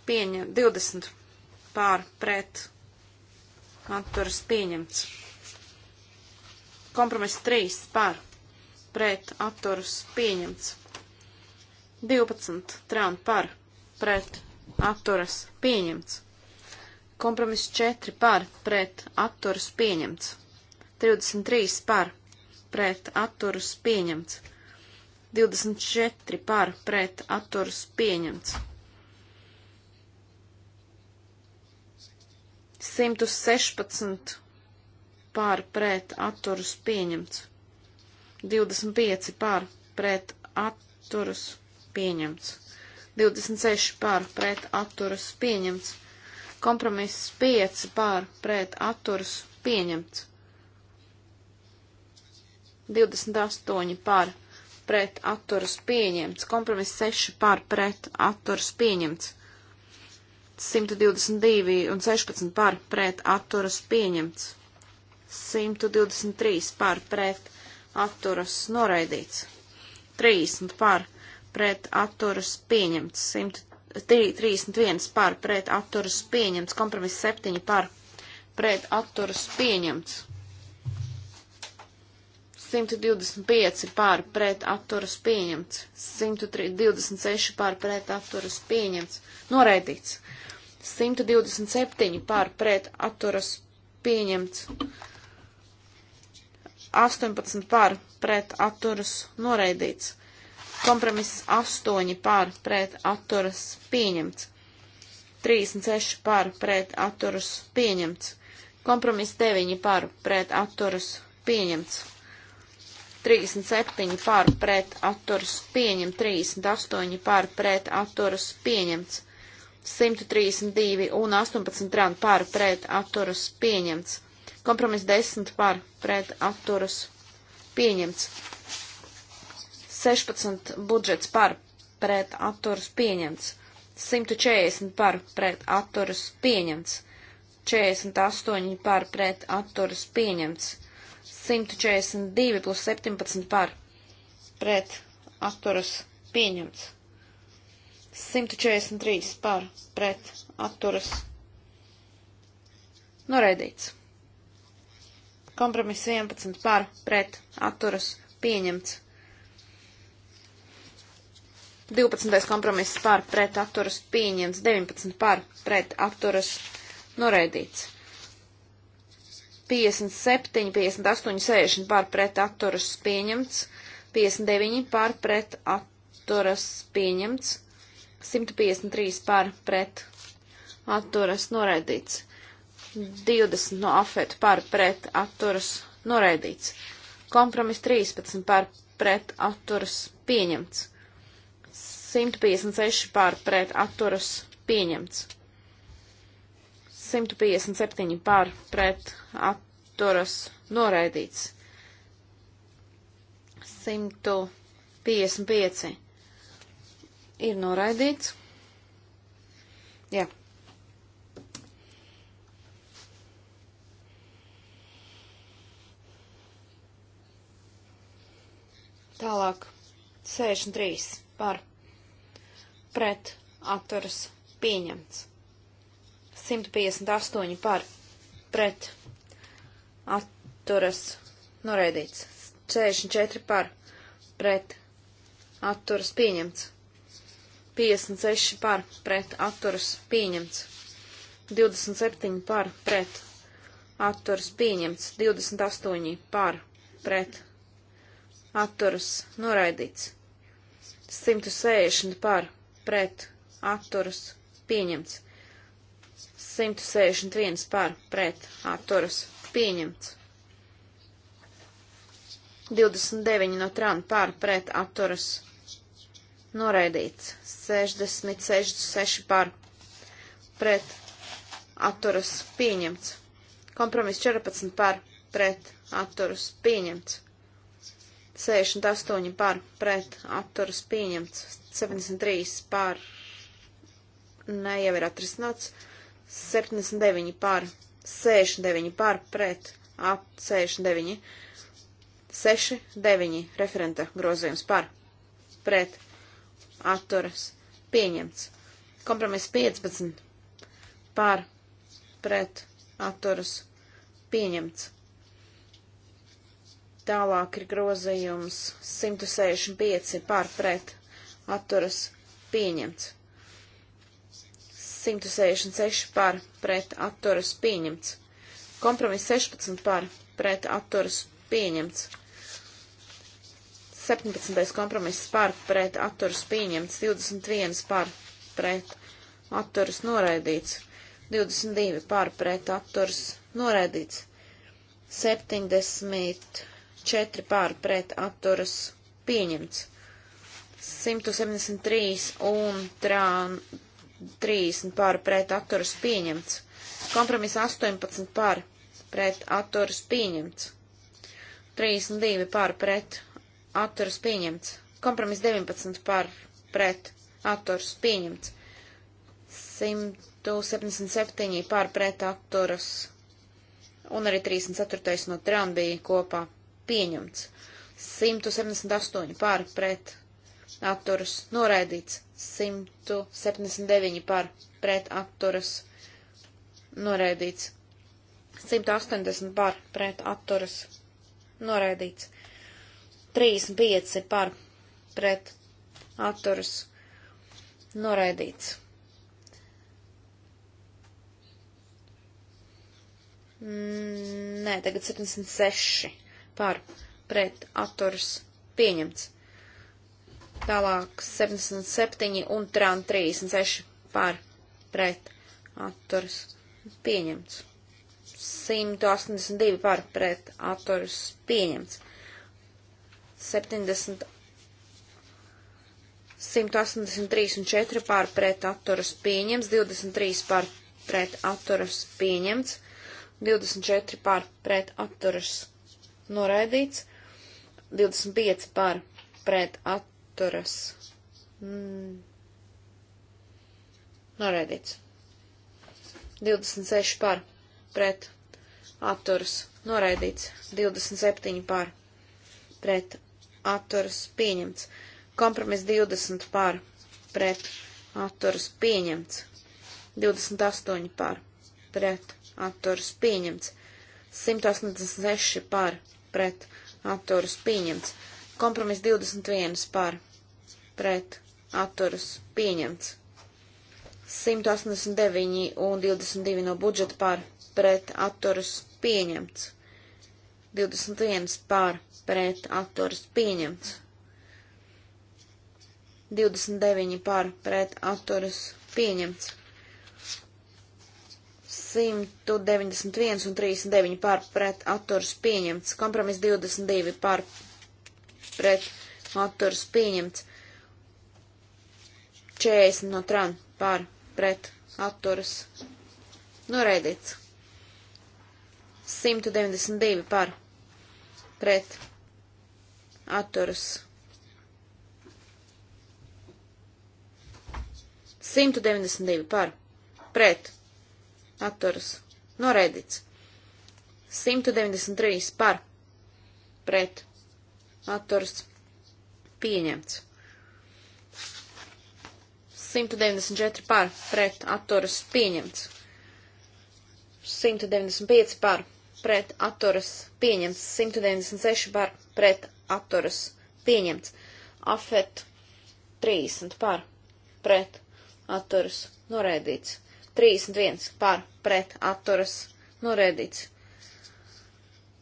pieņemts. 20 par pret atturas pieņemts. Kompromiss 3 par pret atturas pieņemts. 12 tram par pret atturas pieņemts. Kompromiss 4 par pret atturas pieņemts. 23 par pret atturas pieņemts. 24 par pret atturas pieņemts. 116 par pret atturas pieņemts. 25 par pret atturas pieņemts. 26 par pret atturas pieņemts. Kompromiss 5 pār pret atturas pieņemts. 28 pār pret atturas pieņemts. Kompromiss 6 pār pret atturas pieņemts. 122 un 16 pār pret atturas pieņemts. 123 pār pret atturas noraidīts. 30 pār pret atturas pieņemts. 100 31 par pret atturas pieņemts, kompromiss 7 par pret atturas pieņemts. 125 pār pret atturas pieņemts, 126 pār pret atturas pieņemts, noraidīts, 127 pār pret atturas pieņemts, 18 pār pret atturas noraidīts, Kompromiss 8 par pret atturas pieņemts. 36 par pret atturas pieņemts. Kompromiss 9 par pret atturas pieņemts. 37 par pret atturas pieņem, 38 par pret atturas pieņemts, 132 un 18 rand par pret atturas pieņemts, kompromis 10 par pret atturas pieņemts, 16 budžets par pret atturas pieņemts. 140 par pret atturas pieņemts. 48 par pret atturas pieņemts. 142 plus 17 par pret atturas pieņemts. 143 par pret atturas noraidīts. Kompromiss 11 par pret atturas pieņemts. 12. kompromiss par pret atturas pieņemts, 19 par pret atturas noraidīts. 57, 58, 60 par pret atturas pieņemts, 59 par pret atturas pieņemts, 153 par pret atturas noraidīts, 20 no afetu par pret atturas noraidīts, kompromiss 13 par pret atturas pieņemts. 156 pār pret atturas pieņemts. 157 pār pret atturas noraidīts. 155 ir noraidīts. Jā. Tālāk 63 par pret atturas pieņemts. 158 par pret atturas noraidīts. 64 par pret atturas pieņemts. 56 par pret atturas pieņemts. 27 par pret atturas pieņemts. 28 par pret atturas noraidīts. 160 par pret atturas pieņemts. 161 par pret atturas pieņemts. 29 no tran par pret atturas noraidīts. 60, 66 par pret atturas pieņemts. Kompromiss 14 par pret atturas pieņemts. 68 par pret atturas pieņemts, 73 par ne jau ir atrisināts, 79 par, 69 par pret, ap 69, 6, 9 referenta grozījums par pret atturas pieņemts. Kompromiss 15 par pret atturas pieņemts. Tālāk ir grozījums 165 pār pret atturas pieņemts. 166 pār pret atturas pieņemts. Kompromiss 16 pār pret atturas pieņemts. 17. kompromiss par pret atturas pieņemts, 21 par pret atturas noraidīts, 22 par pret atturas noraidīts, 70. 4 pār pret atturas pieņemts. 173 un trān 30 pār pret atturas pieņemts. Kompromiss 18 pār pret atturas pieņemts. 32 pār pret atturas pieņemts. Kompromiss 19 pār pret atturas pieņemts. 177 pār pret atturas un arī 34 no trām bija kopā pieņemts. 178 par pret atturas noraidīts. 179 par pret atturas noraidīts. 180 par pret atturas noraidīts. 35 par pret atturas noraidīts. Nē, tagad 76 par pret atturs pieņemts. Tālāk 77 un tran 36 par pret atturs pieņemts. 182 par pret atturs pieņemts. 70, 183 un 4 par pret atturs pieņemts. 23 par pret atturs pieņemts. 24 par pret atturs pieņemts noraidīts, 25 par pret atturas mm. noraidīts, 26 par pret atturas noraidīts, 27 par pret atturas pieņemts, kompromis 20 par pret atturas pieņemts, 28 par pret atturas pieņemts, 186 par pret pret atturas pieņemts. Kompromiss 21 par pret atturas pieņemts. 189 un 22 no budžeta par pret atturas pieņemts. 21 par pret atturas pieņemts. 29 par pret atturas pieņemts. 191 un 39 pār pret atturs pieņemts. Kompromiss 22 pār pret atturs pieņemts. 40 no tran pār pret atturs noraidīts. 192 pār pret atturs. 192 par pret atturas noraidīts. 193 par pret atturas pieņemts. 194 par pret atturas pieņemts. 195 par pret atturas pieņemts. 196 par pret atturas pieņemts. Afet 30 par pret atturas noraidīts. 31 par pret atturas norēdīts.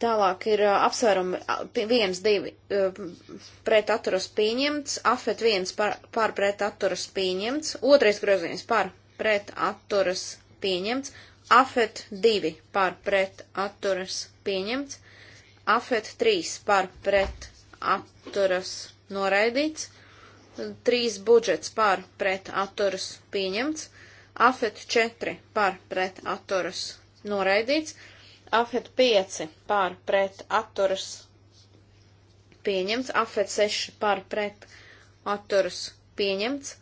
Tālāk ir uh, apsvērumi 1, uh, 2 uh, pret atturas pieņemts, afet 1 par, par pret atturas pieņemts, otrais grozījums par pret atturas pieņemts, afet 2 par pret atturas pieņemts, afet 3 par pret atturas noraidīts, 3 budžets par pret atturas pieņemts, Afet 4 par pret atturas noraidīts. Afet 5 par pret atturas pieņemts. Afet 6 par pret atturas pieņemts.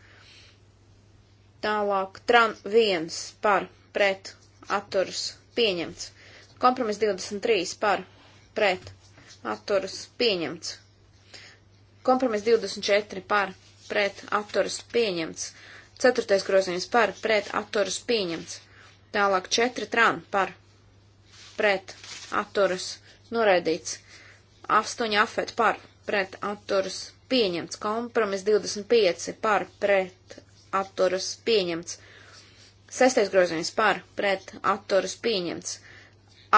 Tālāk tran 1 par pret atturas pieņemts. Kompromis 23 par pret atturas pieņemts. Kompromis 24 par pret atturas pieņemts. Ceturtais grozījums par pret atturas pieņemts. Tālāk četri tran par pret atturas noraidīts. Astoņi afet par pret atturas pieņemts. Kompromis 25 par pret atturas pieņemts. Sestais grozījums par pret atturas pieņemts.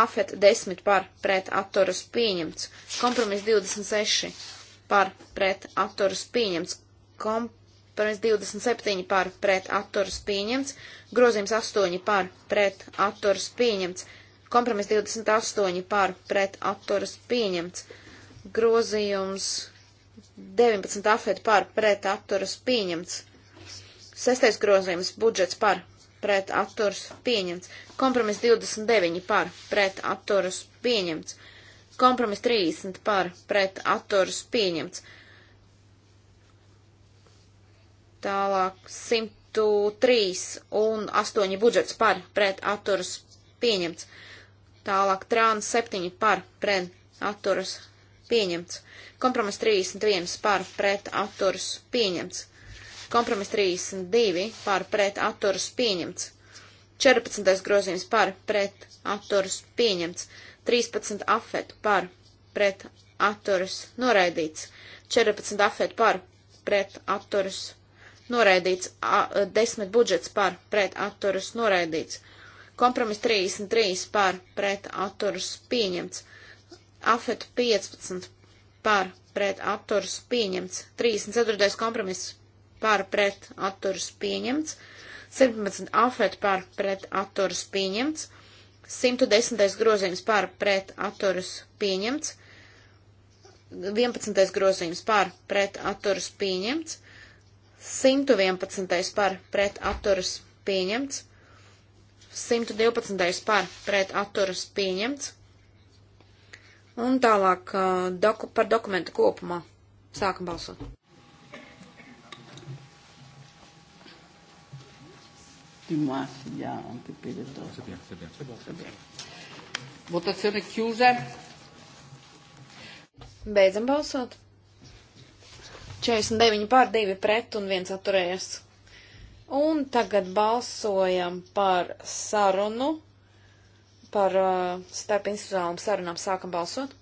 Afet 10 par pret atturas pieņemts. Kompromis 26 par pret atturas pieņemts. Kompromis Pirms 27 par pret atturas pieņemts. Grozījums 8 par pret atturas pieņemts. Kompromiss 28 par pret atturas pieņemts. Grozījums 19 afet par pret atturas pieņemts. Sestais grozījums budžets par pret atturas pieņemts. Kompromiss 29 par pret atturas pieņemts. Kompromiss 30 par pret atturas pieņemts. Tālāk 103 un 8 budžets par pret atturas pieņemts. Tālāk trāns 7 par pret atturas pieņemts. Kompromiss 31 par pret atturas pieņemts. Kompromiss 32 par pret atturas pieņemts. 14. grozījums par pret atturas pieņemts. 13 afetu par pret atturas noraidīts. 14 afetu par pret atturas pieņemts noraidīts, a, desmit budžets par pret atturas noraidīts, kompromis 33 par pret atturas pieņemts, afet 15 par pret atturas pieņemts, 34. kompromis par pret atturas pieņemts, 17 afet par pret atturas pieņemts, 110. grozījums par pret atturas pieņemts, 11. grozījums par pret atturas pieņemts, 111. par pret atturas pieņemts. 112. par pret atturas pieņemts. Un tālāk doku, par dokumentu kopumā. Sākam balsot. Dis-moi s'il y a un pépé dedans. C'est bien, c'est bien. C'est bon, c'est bien. Votazione chiusa. Beidzam balsot. 49 pār 2 pret un viens atturējies. Un tagad balsojam par sarunu, par uh, starp institucionālām sarunām sākam balsot.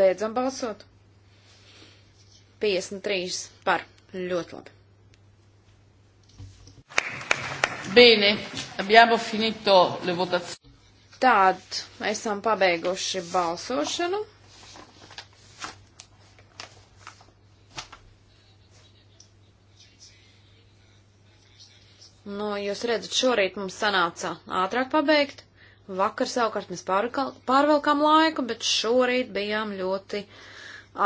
Beidzam balsot. 53 par. Ļoti labi. Bene, abbiamo finito le votazioni. Tad esam pabeiguši balsošanu. Nu, jūs redzat, šorīt mums sanāca ātrāk pabeigt, vakar savukārt mēs pārvelkām laiku, bet šorīt bijām ļoti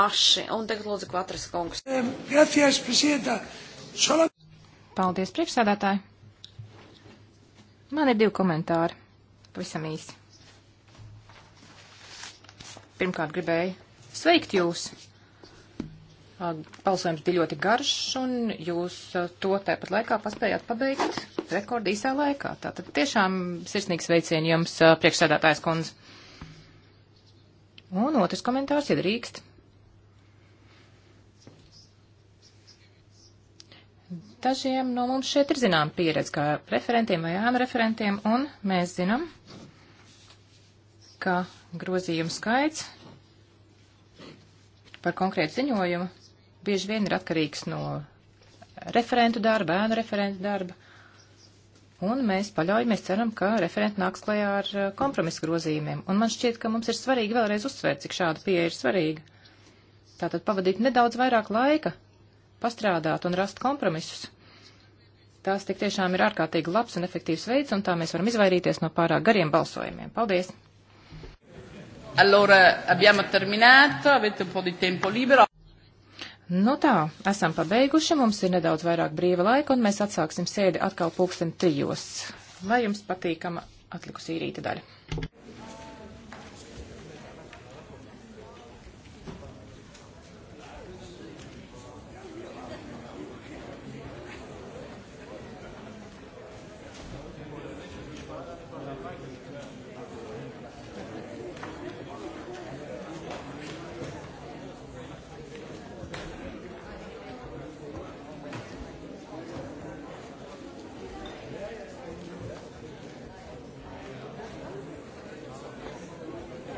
aši. Un tagad lūdzu Kvatras kungs. Eh, gracias, presienta. Sola... Paldies, priekšsēdētāji. Man ir divi komentāri. Pavisam īsi. Pirmkārt gribēju sveikt jūs Balsojums bija ļoti garš, un jūs to tāpat laikā paspējāt pabeigt rekordu īsā laikā. Tātad tiešām sirsnīgs veicieni jums, priekšsēdētājs kundze. Un otrs komentārs, ja drīkst. Dažiem no mums šeit ir zinām pieredze kā referentiem vai ēnu referentiem, un mēs zinām, ka grozījums skaits par konkrētu ziņojumu bieži vien ir atkarīgs no referentu darba, ēnu referentu darba. Un mēs paļaujamies, ceram, ka referenti nāks klajā ar eh, kompromisu grozījumiem. Un man šķiet, ka mums ir svarīgi vēlreiz uzsvērt, cik šāda pieeja ir svarīga. Tātad pavadīt nedaudz vairāk laika, pastrādāt un rast kompromisus. Tās tik tiešām ir ārkārtīgi labs un efektīvs veids, un tā mēs varam izvairīties no pārāk gariem balsojumiem. Paldies! Allora, abbiamo terminato, avete un po' di tempo libero. Nu tā, esam pabeiguši, mums ir nedaudz vairāk brīva laika, un mēs atsāksim sēdi atkal pulksten trijos. Lai jums patīkama atlikusī rīta daļa.